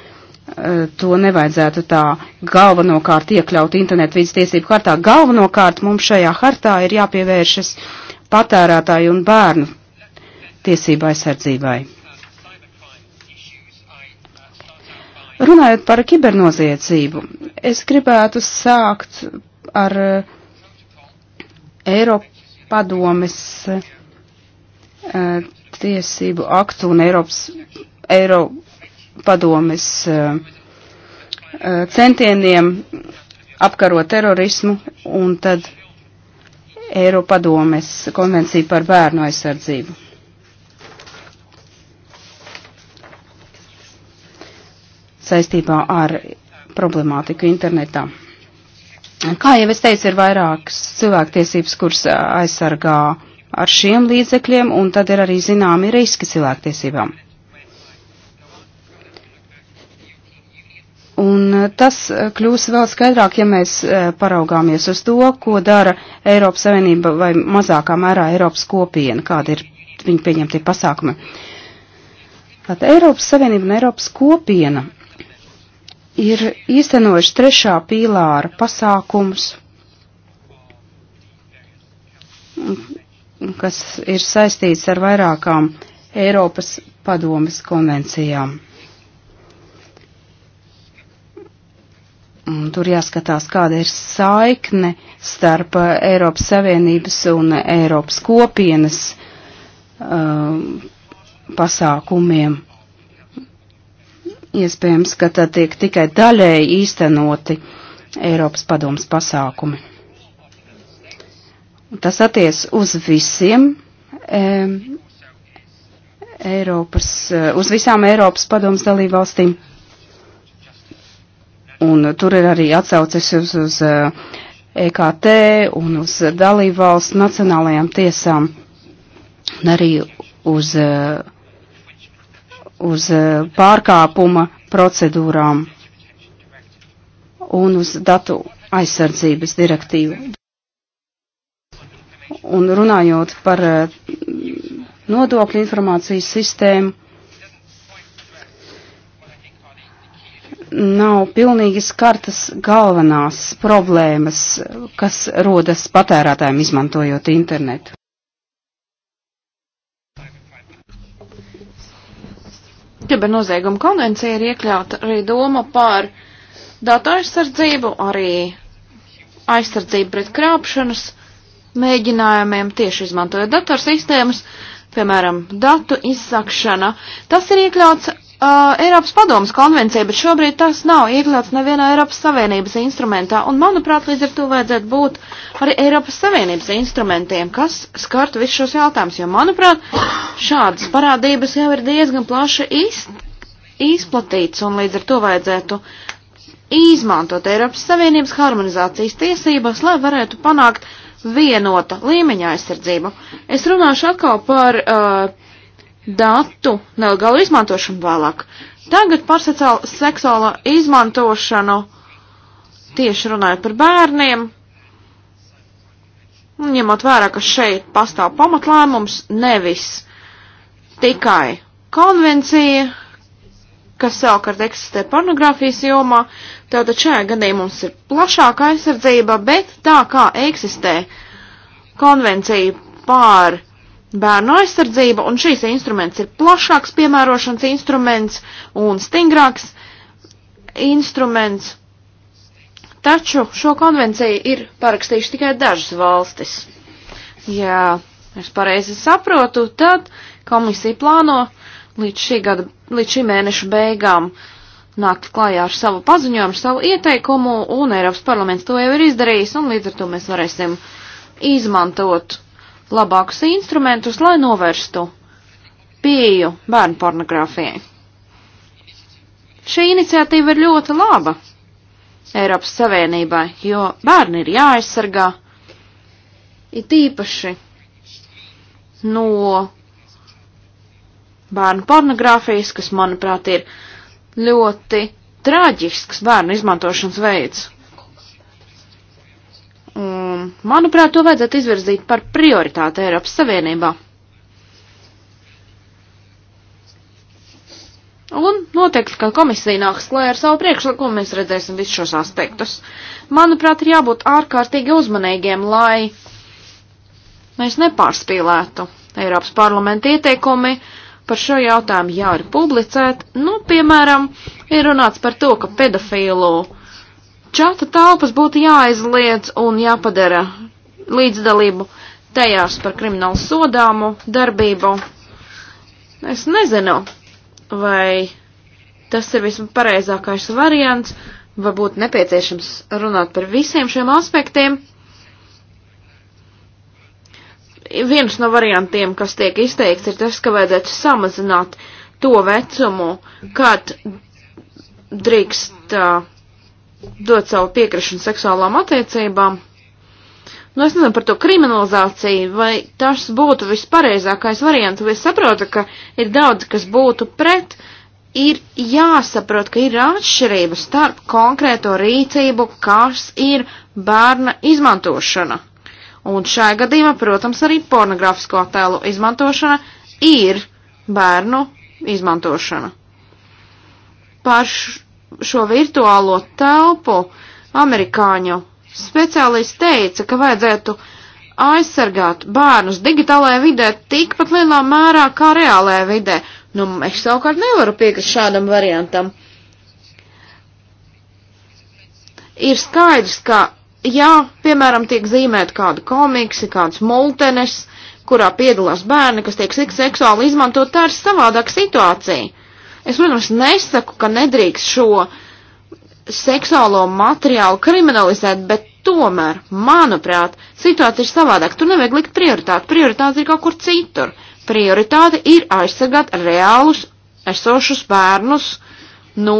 B: Eh, to nevajadzētu tā galvenokārt iekļaut internetu vidas tiesību hartā. Galvenokārt mums šajā hartā ir jāpievēršas patērētāju un bērnu tiesību aizsardzībai. Runājot par kibernoziedzību, es gribētu sākt ar eh, Eiropadomes eh, tiesību aktu un Eiropas Eiropas padomes eh, eh, centieniem apkarot terorismu un tad Eiropadomes konvenciju par bērnu aizsardzību. saistībā ar problemātiku internetā. Kā jau es teicu, ir vairākas cilvēktiesības, kuras eh, aizsargā ar šiem līdzekļiem, un tad ir arī zināmi riski cilvēktiesībām. Un eh, tas eh, kļūs vēl skaidrāk, ja mēs eh, paraugāmies uz to, ko dara Eiropas Savienība vai mazākā mērā Eiropas kopiena, kādi ir viņu pieņemtie pasākumi. Tātad Eiropas Savienība un Eiropas kopiena ir īstenojuši trešā pīlāra pasākums, kas ir saistīts ar vairākām Eiropas padomes konvencijām. Tur jāskatās, kāda ir saikne starp uh, Eiropas Savienības un Eiropas kopienas um, pasākumiem. Iespējams, ka tad tiek tikai daļēji īstenoti Eiropas padomas pasākumi. Tas attiec uz visiem um, Eiropas, uh, uz visām Eiropas padomas dalībvalstīm. Un tur ir arī atsaucis uz, uz EKT eh, e un uz dalību valsts nacionālajām tiesām un arī uz, eh, uz eh, pārkāpuma procedūrām un uz datu aizsardzības direktīvu. Un runājot par nodokļu informācijas sistēmu, nav pilnīgi skartas galvenās problēmas, kas rodas patērētājiem izmantojot internetu.
A: Kibernozieguma konvencija ir iekļauta arī doma par datu aizsardzību, arī aizsardzību pret krāpšanas mēģinājumiem tieši izmantojot datorsistēmas, piemēram, datu izsakšana. Tas ir iekļauts Uh, Eiropas padomas konvencija, bet šobrīd tas nav iekļauts nevienā Eiropas Savienības instrumentā, un manuprāt, līdz ar to vajadzētu būt arī Eiropas Savienības instrumentiem, kas skartu visus šos jautājumus, jo, manuprāt, šādas parādības jau ir diezgan plaši iz, izplatīts, un līdz ar to vajadzētu izmantot Eiropas Savienības harmonizācijas tiesības, lai varētu panākt vienota līmeņa aizsardzību. Es runāšu atkal par uh, datu nelegālu izmantošanu vēlāk. Tagad par seksuālo izmantošanu tieši runājot par bērniem. Ņemot vērā, ka šeit pastāv pamatlēmums, nevis tikai konvencija, kas savukārt eksistē pornogrāfijas jomā, tātad šajā gadījumā mums ir plašāka aizsardzība, bet tā kā eksistē konvencija pār uh, bērnu aizsardzība, un šīs instruments ir plašāks piemērošanas instruments un stingrāks instruments. Taču šo konvenciju ir parakstījuši tikai dažas valstis. Jā, es pareizi saprotu, tad komisija plāno līdz šī, gada, līdz šī mēneša beigām nākt klājā ar savu paziņojumu, savu ieteikumu, un Eiropas parlaments to jau ir izdarījis, un līdz ar to mēs varēsim izmantot labākus instrumentus, lai novērstu pieju bērnu pornogrāfijai. Šī iniciatīva ir ļoti laba Eiropas Savienībai, jo bērni ir jāaizsargā it īpaši no bērnu pornogrāfijas, kas, manuprāt, ir ļoti traģisks bērnu izmantošanas veids manuprāt, to vajadzētu izvirzīt par prioritāti Eiropas Savienībā. Un noteikti, ka komisija nāks klāja ar savu priekšlikumu, mēs redzēsim visus šos aspektus. Manuprāt, ir jābūt ārkārtīgi uzmanīgiem, lai mēs nepārspīlētu. Eiropas parlamenta ieteikumi par šo jautājumu jau ir publicēti. Nu, piemēram, ir runāts par to, ka pedofīlu Čata telpas būtu jāaizliedz un jāpadara līdzdalību tajās par kriminālu sodāmu darbību. Es nezinu, vai tas ir vispareizākais variants, varbūt nepieciešams runāt par visiem šiem aspektiem. Viens no variantiem, kas tiek izteikts, ir tas, ka vajadzētu samazināt to vecumu, kad drīkst uh, dot savu piekrišanu seksuālām attiecībām. Nu, es nezinu par to kriminalizāciju, vai tas būtu vispareizākais variants, vai es saprotu, ka ir daudz, kas būtu pret, ir jāsaprot, ka ir atšķirība starp konkrēto rīcību, kas ir bērna izmantošana. Un šajā gadījumā, protams, arī pornogrāfisko attēlu izmantošana ir bērnu izmantošana. Par š šo virtuālo telpu amerikāņu speciālisti teica, ka vajadzētu aizsargāt bērnus digitālajā vidē tikpat lielā mērā kā reālajā vidē. Nu, es savukārt nevaru piekrist šādam variantam. Ir skaidrs, ka, ja, piemēram, tiek zīmēt kādu komiksi, kāds multenes, kurā piedalās bērni, kas tiek seksuāli izmantot, tā ir savādāka situācija. Es, protams, nesaku, ka nedrīkst šo seksuālo materiālu kriminalizēt, bet tomēr, manuprāt, situācija ir savādāk. Tur nevajag likt prioritāti. Prioritāte ir kaut kur citur. Prioritāte ir aizsargāt reālus esošus bērnus no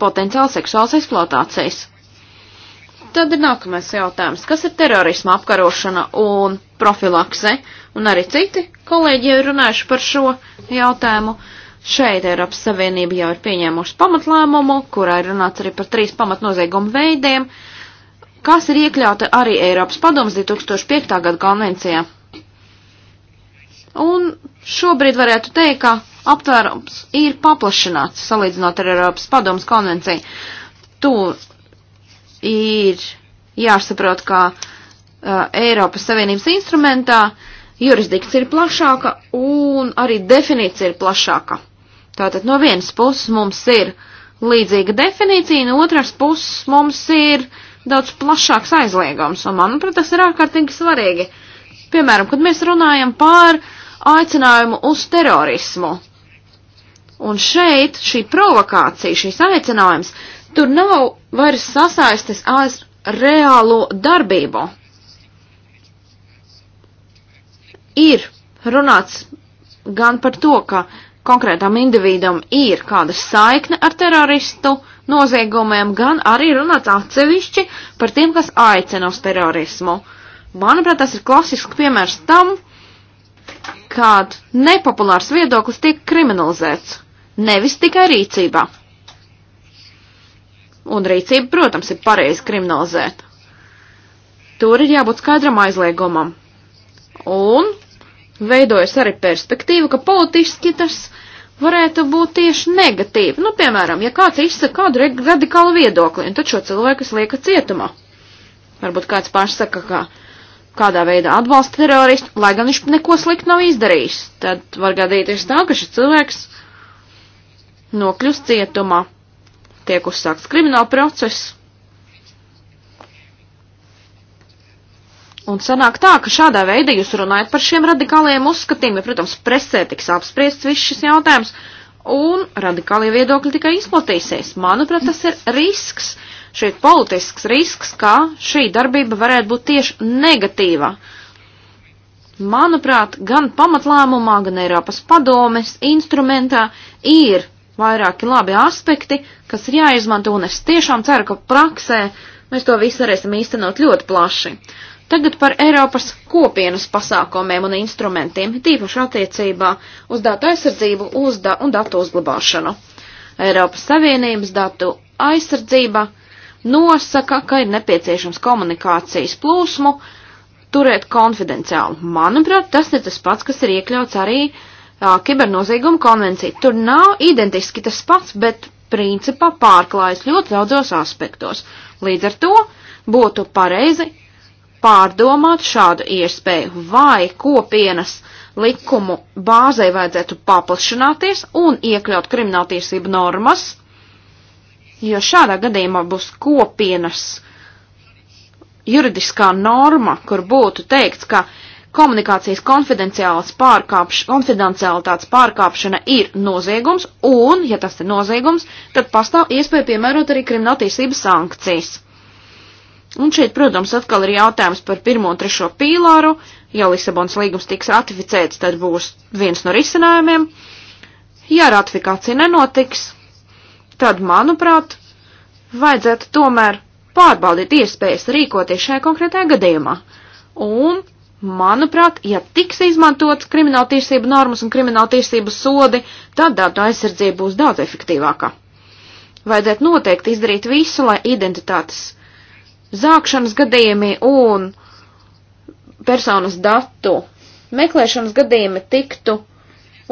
A: potenciāla seksuālas eksploatācijas. Tad ir nākamais jautājums. Kas ir terorisma apkarošana un profilakse? un arī citi kolēģi jau ir runājuši par šo jautājumu. Šeit Eiropas Savienība jau ir pieņēmuši pamatlēmumu, kurā ir runāts arī par trīs pamatnoziegumu veidiem, kas ir iekļauta arī Eiropas padomas 2005. gada konvencijā. Un šobrīd varētu teikt, ka aptvērums ir paplašināts, salīdzinot ar Eiropas padomas konvenciju. Tu ir jāsaprot, ka uh, Eiropas Savienības instrumentā uh, jurisdikcija ir plašāka un arī definīcija ir plašāka. Tātad no vienas puses mums ir līdzīga definīcija, no otras puses mums ir daudz plašāks aizliegums, un manuprāt, tas ir ārkārtīgi svarīgi. Piemēram, kad mēs runājam par aicinājumu uz terorismu. Un šeit šī provokācija, šīs aicinājums, tur nav vairs sasaistes ar reālo darbību. ir runāts gan par to, ka konkrētam individam ir kāda saikne ar teroristu noziegumiem, gan arī runāts atsevišķi par tiem, kas aicina uz terorismu. Manuprāt, tas ir klasisks piemērs tam, kad nepopulārs viedoklis tiek kriminalizēts, nevis tikai rīcībā. Un rīcība, protams, ir pareizi kriminalizēta. Tur ir jābūt skaidram aizliegumam. Un veidojas arī perspektīva, ka politiski tas varētu būt tieši negatīvi. Nu, piemēram, ja kāds izsaka kādu radikālu viedokli, un tad šo cilvēku es lieku cietumā. Varbūt kāds pārsaka, ka kādā veidā atbalsta teroristu, lai gan viņš neko sliktu nav izdarījis. Tad var gadīties tā, ka šis cilvēks nokļūst cietumā, tiek uzsākts krimināla process, Un sanāk tā, ka šādā veidā jūs runājat par šiem radikālajiem uzskatiem, jo, protams, presē tiks apspriests viss šis jautājums, un radikālie viedokļi tikai izplatīsies. Manuprāt, tas ir risks, šeit politisks risks, kā šī darbība varētu būt tieši negatīva. Manuprāt, gan pamatlēmumā, gan Eiropas padomes instrumentā ir vairāki labi aspekti, kas ir jāizmanto, un es tiešām ceru, ka praksē mēs to visu varēsim īstenot ļoti plaši. Tagad par Eiropas kopienas pasākumiem un instrumentiem, tīpaši attiecībā uz datu aizsardzību uz da un datu uzglabāšanu. Eiropas Savienības datu aizsardzība nosaka, ka ir nepieciešams komunikācijas plūsmu turēt konfidenciāli. Manuprāt, tas ir tas pats, kas ir iekļauts arī uh, kibernozīguma konvencija. Tur nav identiski tas pats, bet principā pārklājas ļoti daudzos aspektos. Līdz ar to būtu pareizi pārdomāt šādu iespēju, vai kopienas likumu bāzei vajadzētu paplašināties un iekļaut krimināltiesību normas, jo šādā gadījumā būs kopienas juridiskā norma, kur būtu teikts, ka komunikācijas pārkāpš, konfidenciālitātes pārkāpšana ir noziegums, un, ja tas ir noziegums, tad pastāv iespēja piemērot arī krimināltiesības sankcijas. Un šeit, protams, atkal ir jautājums par pirmo un trešo pīlāru. Ja Lisabons līgums tiks ratificēts, tad būs viens no risinājumiem. Ja ratifikācija nenotiks, tad, manuprāt, vajadzētu tomēr pārbaudīt iespējas rīkoties šajā konkrētajā gadījumā. Un, manuprāt, ja tiks izmantots krimināltiesību normas un krimināltiesību sodi, tad datu aizsardzība būs daudz efektīvāka. Vajadzētu noteikti izdarīt visu, lai identitātes zākšanas gadījumi un personas datu meklēšanas gadījumi tiktu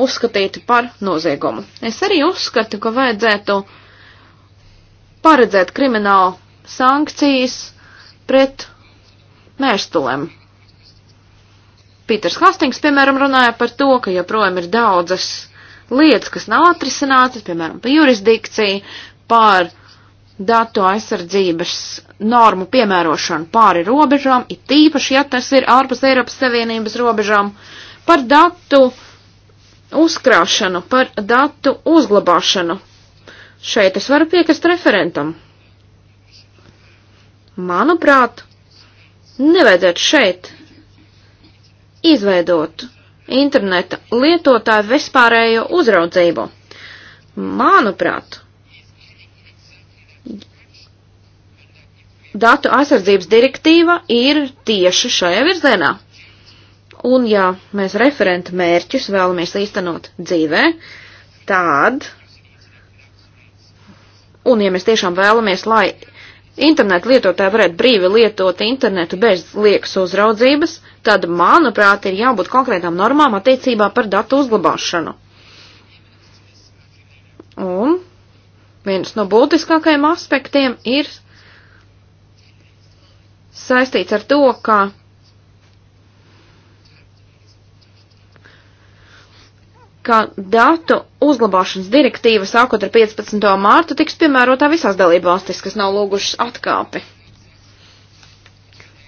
A: uzskatīti par noziegumu. Es arī uzskatu, ka vajadzētu paredzēt kriminālu sankcijas pret mērstulēm. Pīters Hastings, piemēram, runāja par to, ka joprojām ir daudzas lietas, kas nav atrisinātas, piemēram, par jurisdikciju, par uh, datu aizsardzības normu piemērošanu pāri robežām, it īpaši, ja tas ir ārpus Eiropas Savienības robežām, par datu uzkrāšanu, par datu uzglabāšanu. Šeit es varu piekrist referentam. Manuprāt, nevajadzētu šeit izveidot interneta lietotāju vispārējo uzraudzību. Manuprāt, datu aizsardzības direktīva ir tieši šajā virzienā. Un ja mēs referenta mērķus vēlamies īstenot dzīvē, tad, un ja mēs tiešām vēlamies, lai internetu lietotāji varētu brīvi lietot internetu bez liekas uzraudzības, tad, manuprāt, ir jābūt konkrētām normām attiecībā par datu uzglabāšanu. Un viens no būtiskākajiem aspektiem ir saistīts ar to, ka ka datu uzglabāšanas direktīva sākot ar 15. mārtu tiks piemērotā visās dalību valstis, kas nav lūgušas atkāpi.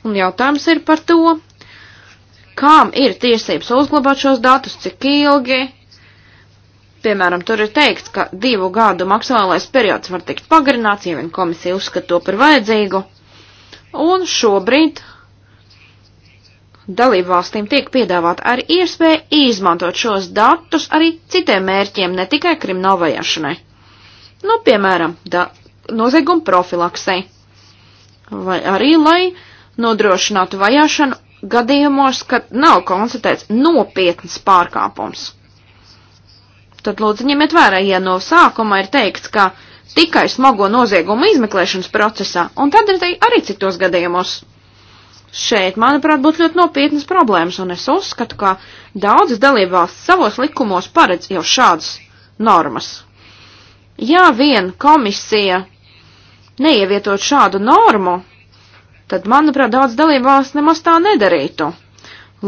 A: Un jautājums ir par to, kām ir tiesības uzglabāt šos datus, cik ilgi. Piemēram, tur ir teikts, ka divu gadu maksimālais periods var tikt pagarināts, ja vien komisija uzskata to par vajadzīgu un šobrīd dalībvalstīm tiek piedāvāta arī iespēja izmantot šos datus arī citiem mērķiem, ne tikai kriminālvajāšanai. Nu, piemēram, da, nozieguma profilaksei. Vai arī, lai nodrošinātu vajāšanu gadījumos, kad nav konstatēts nopietns pārkāpums. Tad lūdzu ņemiet vērā, ja no sākuma ir teikts, ka uh, tikai smago noziegumu izmeklēšanas procesā, un tad arī citos gadījumos. Šeit, manuprāt, būtu ļoti nopietnas problēmas, un es uzskatu, ka daudzas dalībvalsts savos likumos paredz jau šādas normas. Ja vien komisija neievietot šādu normu, tad, manuprāt, daudz dalībvalsts nemaz tā nedarītu.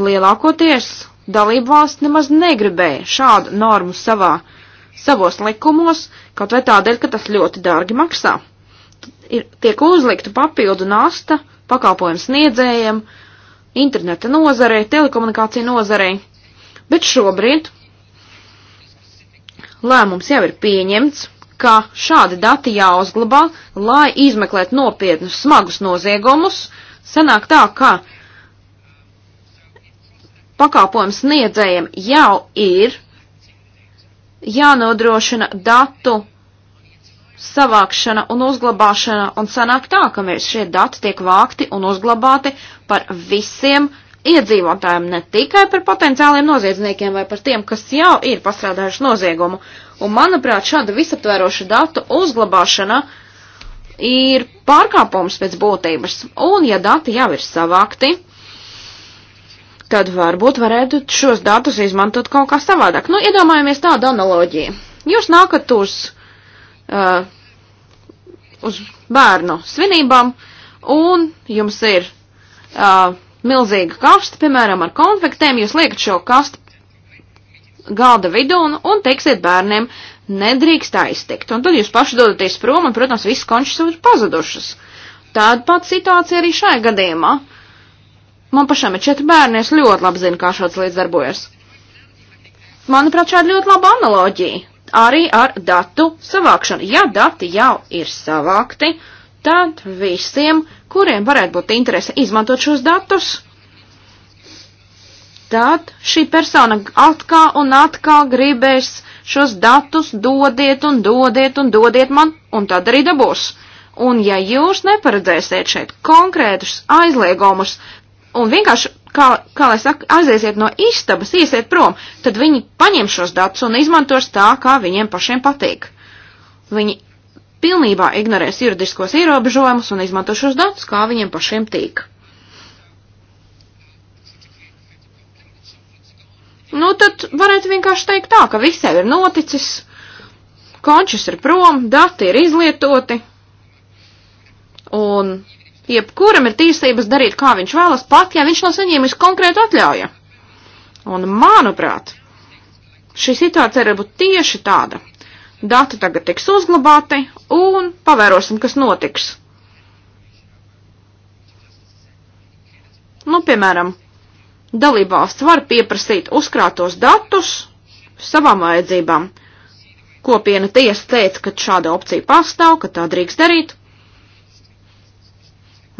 A: Lielākoties dalībvalsts nemaz negribēja šādu normu savā savos likumos, kaut vai tādēļ, ka tas ļoti dārgi maksā. Ir, tiek uzlikta papildu nasta pakalpojumu sniedzējiem, interneta nozarei, telekomunikāciju nozarei, bet šobrīd lēmums jau ir pieņemts, ka šādi dati jāuzglabā, lai izmeklētu nopietnus smagus noziegumus. Sanāk tā, ka pakāpojums sniedzējiem jau ir jānodrošina datu savākšana un uzglabāšana, un sanāk tā, ka mēs šie dati tiek vākti un uzglabāti par visiem iedzīvotājiem, ne tikai par potenciāliem noziedzniekiem vai par tiem, kas jau ir pastrādājuši noziegumu. Un, manuprāt, šāda visaptvēroša datu uzglabāšana ir pārkāpums pēc būtības, un ja dati jau ir savākti, tad varbūt varētu šos datus izmantot kaut kā savādāk. Nu, iedomājamies tādu analoģiju. Jūs nākat uz, uh, uz bērnu svinībām, un jums ir uh, milzīga kasta, piemēram, ar konfektēm, jūs liekat šo kastu galda vidū un, un teiksiet bērniem, nedrīkst aiztikt. Un tad jūs paši dodaties prom, un, protams, visas konšas ir pazudušas. Tāda pati situācija arī šajā gadījumā. Uh, Man pašam ir četri bērni, es ļoti labi zinu, kā šāds lietas darbojas. Manuprāt, šāda ļoti laba analoģija. Arī ar datu savākšanu. Ja dati jau ir savākti, tad visiem, kuriem varētu būt interese izmantot šos datus, tad šī persona atkal un atkal gribēs šos datus dodiet un dodiet un dodiet man, un tad arī dabūs. Un ja jūs neparedzēsiet šeit konkrētus aizliegumus un vienkārši, kā, kā lai saka, aiziesiet no istabas, iesiet prom, tad viņi paņem šos datus un izmantos tā, kā viņiem pašiem patīk. Viņi pilnībā ignorēs juridiskos ierobežojumus un izmanto šos datus, kā viņiem pašiem tīk. Nu, tad varētu vienkārši teikt tā, ka viss jau ir noticis, končus ir prom, dati ir izlietoti, un jebkuram ir tiesības darīt, kā viņš vēlas, pat ja viņš nav saņēmis konkrētu atļauju. Un, manuprāt, šī situācija var būt tieši tāda. Dati tagad tiks uzglabāti un pavērosim, kas notiks. Nu, piemēram, dalībvalsts var pieprasīt uzkrātos datus savām vajadzībām. Kopiena tiesa teica, ka šāda opcija pastāv, ka tā drīkst darīt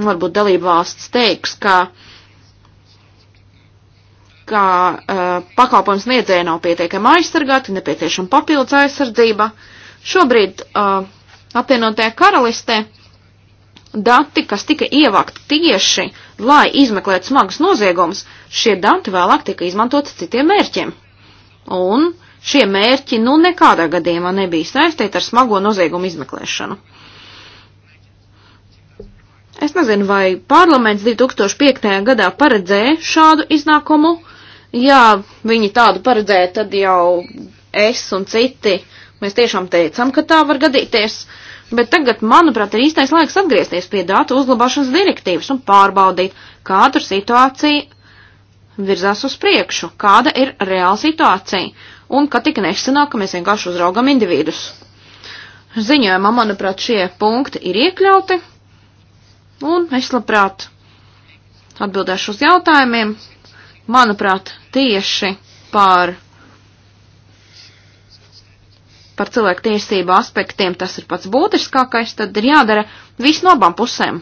A: varbūt dalība valsts teiks, ka, ka uh, pakalpojums niedzēja nav pietiekami aizsargāti, nepieciešama papildus aizsardzība. Šobrīd uh, apvienotajā karalistē dati, kas tika ievākti tieši, lai izmeklētu smagus noziegumus, šie dati vēlāk tika izmantoti citiem mērķiem. Un šie mērķi nu nekādā gadījumā nebija saistīti ar smago noziegumu izmeklēšanu. Uh, Es nezinu, vai parlaments 2005. gadā paredzēja šādu iznākumu. Ja viņi tādu paredzēja, tad jau es un citi, mēs tiešām teicām, ka tā var gadīties. Bet tagad, manuprāt, ir īstais laiks atgriezties pie datu uzlabošanas direktīvas un pārbaudīt, kāda situācija virzās uz priekšu, kāda ir reāla situācija un ka tik nesenāk, ka mēs vienkārši uzraugam individus. Ziņojumā, manuprāt, šie punkti ir iekļauti un es labprāt atbildēšu uz jautājumiem. Manuprāt, tieši par, par cilvēku tiesību aspektiem tas ir pats būtiskākais, tad ir jādara viss no abām pusēm,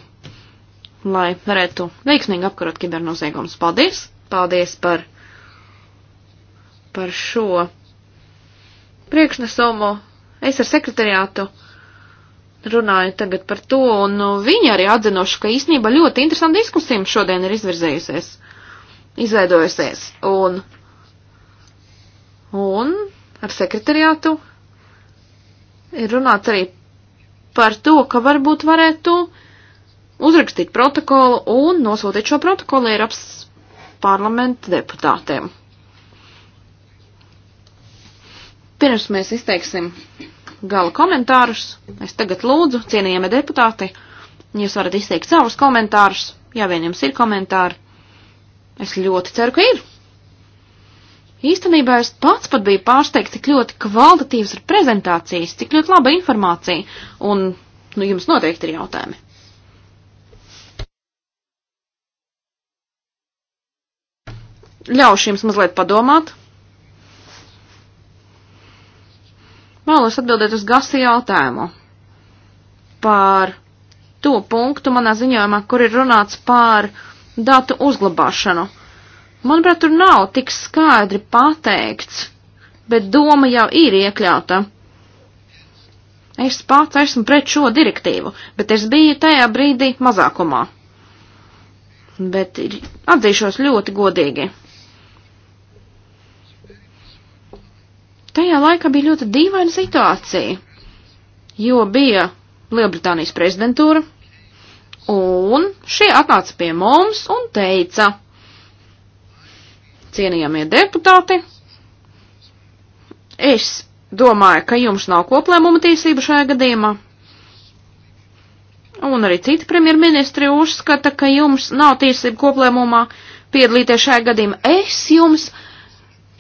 A: lai varētu veiksmīgi apkarot kibernoziegumus. Paldies! Paldies par, par šo priekšnesumu. Es ar sekretariātu runāja tagad par to, un nu, viņi arī atzinoši, ka īstenībā ļoti interesanta diskusija šodien ir izvirzējusies, izveidojusies, un, un ar sekretariātu ir runāts arī par to, ka varbūt varētu uzrakstīt protokolu un nosūtīt šo protokolu Eiropas parlamenta deputātiem. Pirms mēs izteiksim gala komentārus. Es tagad lūdzu, cienījamie deputāti, jūs varat izteikt savus komentārus, ja vien jums ir komentāri. Es ļoti ceru, ka ir. Īstenībā es pats pat biju pārsteigts, cik ļoti kvalitatīvas ir prezentācijas, cik ļoti laba informācija, un nu, jums noteikti ir jautājumi. Ļaušu jums mazliet padomāt, Vēlos atbildēt uz Gasi jautājumu par to punktu manā ziņojumā, kur ir runāts par datu uzglabāšanu. Manuprāt, tur nav tik skaidri pateikts, bet doma jau ir iekļauta. Es pats esmu pret šo direktīvu, bet es biju tajā brīdī mazākumā. Bet atzīšos ļoti godīgi. Tajā laikā bija ļoti dīvaina situācija, jo bija Lielbritānijas prezidentūra, un šie atnāca pie mums un teica, cienījamie deputāti, es domāju, ka jums nav koplēmuma tiesība šajā gadījumā, un arī citi premjerministri uzskata, ka jums nav tiesība koplēmumā piedalīties šajā gadījumā. Es jums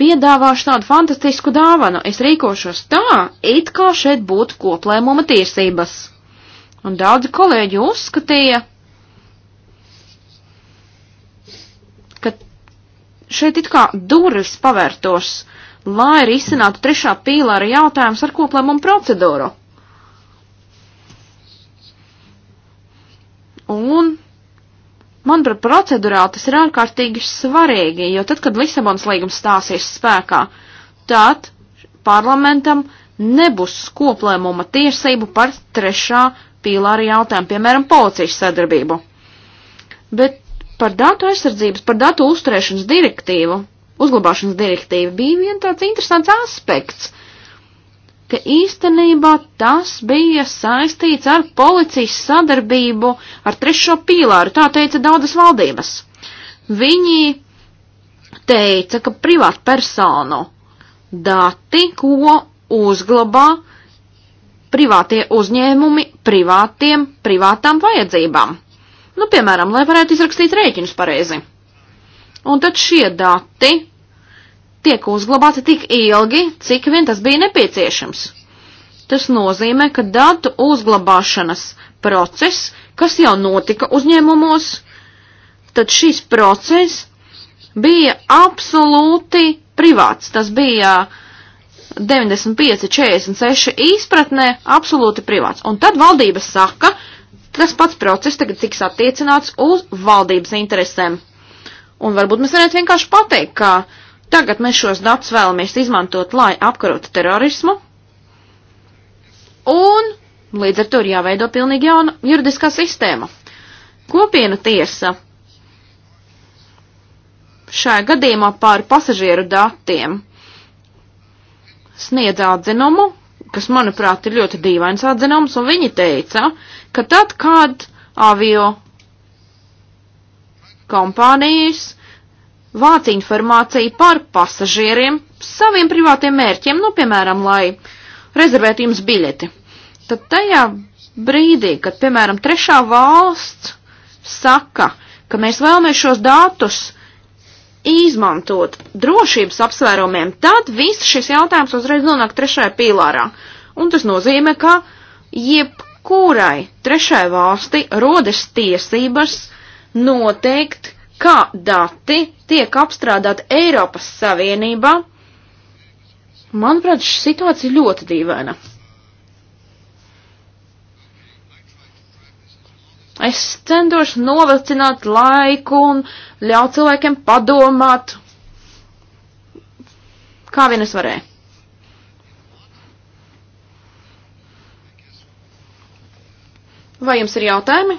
A: piedāvāšu tādu fantastisku dāvanu. Es rīkošos tā, it kā šeit būtu koplēmuma tiesības. Un daudzi kolēģi uzskatīja, ka šeit it kā durvis pavērtos, lai risinātu trešā pīlāra jautājums ar koplēmumu procedūru. Un Manuprāt, procedurāli tas ir ārkārtīgi svarīgi, jo tad, kad Lisabons līgums stāsies spēkā, tad parlamentam nebūs koplēmuma tiesību par trešā pīlāra jautājumu, piemēram, policijas sadarbību. Bet par datu aizsardzības, par datu uzturēšanas direktīvu, uzglabāšanas direktīvu bija viens tāds interesants aspekts – ka īstenībā tas bija saistīts ar policijas sadarbību ar trešo pīlāru, tā teica daudzas valdības. Viņi teica, ka privātu personu dati, ko uzglabā privātie uzņēmumi privātiem, privātām vajadzībām. Nu, piemēram, lai varētu izrakstīt rēķinus pareizi. Un tad šie dati tiek uzglabāti tik ilgi, cik vien tas bija nepieciešams. Tas nozīmē, ka datu uzglabāšanas process, kas jau notika uzņēmumos, tad šis process bija absolūti privāts. Tas bija 95-46 izpratnē absolūti privāts. Un tad valdība saka, tas pats process tagad tiks attiecināts uz valdības interesēm. Un varbūt mēs varētu vienkārši pateikt, ka Tagad mēs šos datus vēlamies izmantot, lai apkarotu terorismu, un līdz ar to ir jāveido pilnīgi jauna juridiskā sistēma. Kopienu tiesa šajā gadījumā pār pasažieru datiem sniedz atzinumu, kas, manuprāt, ir ļoti dīvains atzinums, un viņi teica, ka tad, kad avio kompānijas vāc informāciju par pasažieriem saviem privātiem mērķiem, nu, piemēram, lai rezervētu jums biļeti. Tad tajā brīdī, kad, piemēram, trešā valsts saka, ka mēs vēlamies šos datus izmantot drošības apsvērumiem, tad viss šis jautājums uzreiz nonāk trešajā pīlārā. Un tas nozīmē, ka jebkurai trešai valsti rodas tiesības noteikt, kā dati tiek apstrādāti Eiropas Savienībā. Manuprāt, šī situācija ļoti dīvaina. Es centos novacināt laiku un ļaut cilvēkiem padomāt, kā vien es varēju. Vai jums ir jautājumi?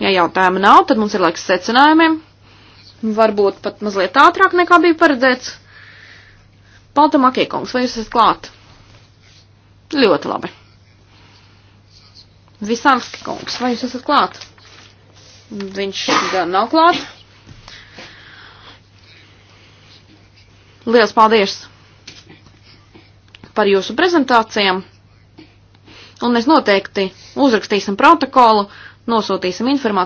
A: Ja jautājuma nav, tad mums ir laiks secinājumiem. Varbūt pat mazliet ātrāk nekā bija paredzēts. Palta Makiekungs, vai jūs esat klāt? Ļoti labi. Visānski kungs, vai jūs esat klāt? Viņš gan nav klāt. Lielas paldies par jūsu prezentācijām. Un mēs noteikti uzrakstīsim protokolu nosūtīsim informāciju.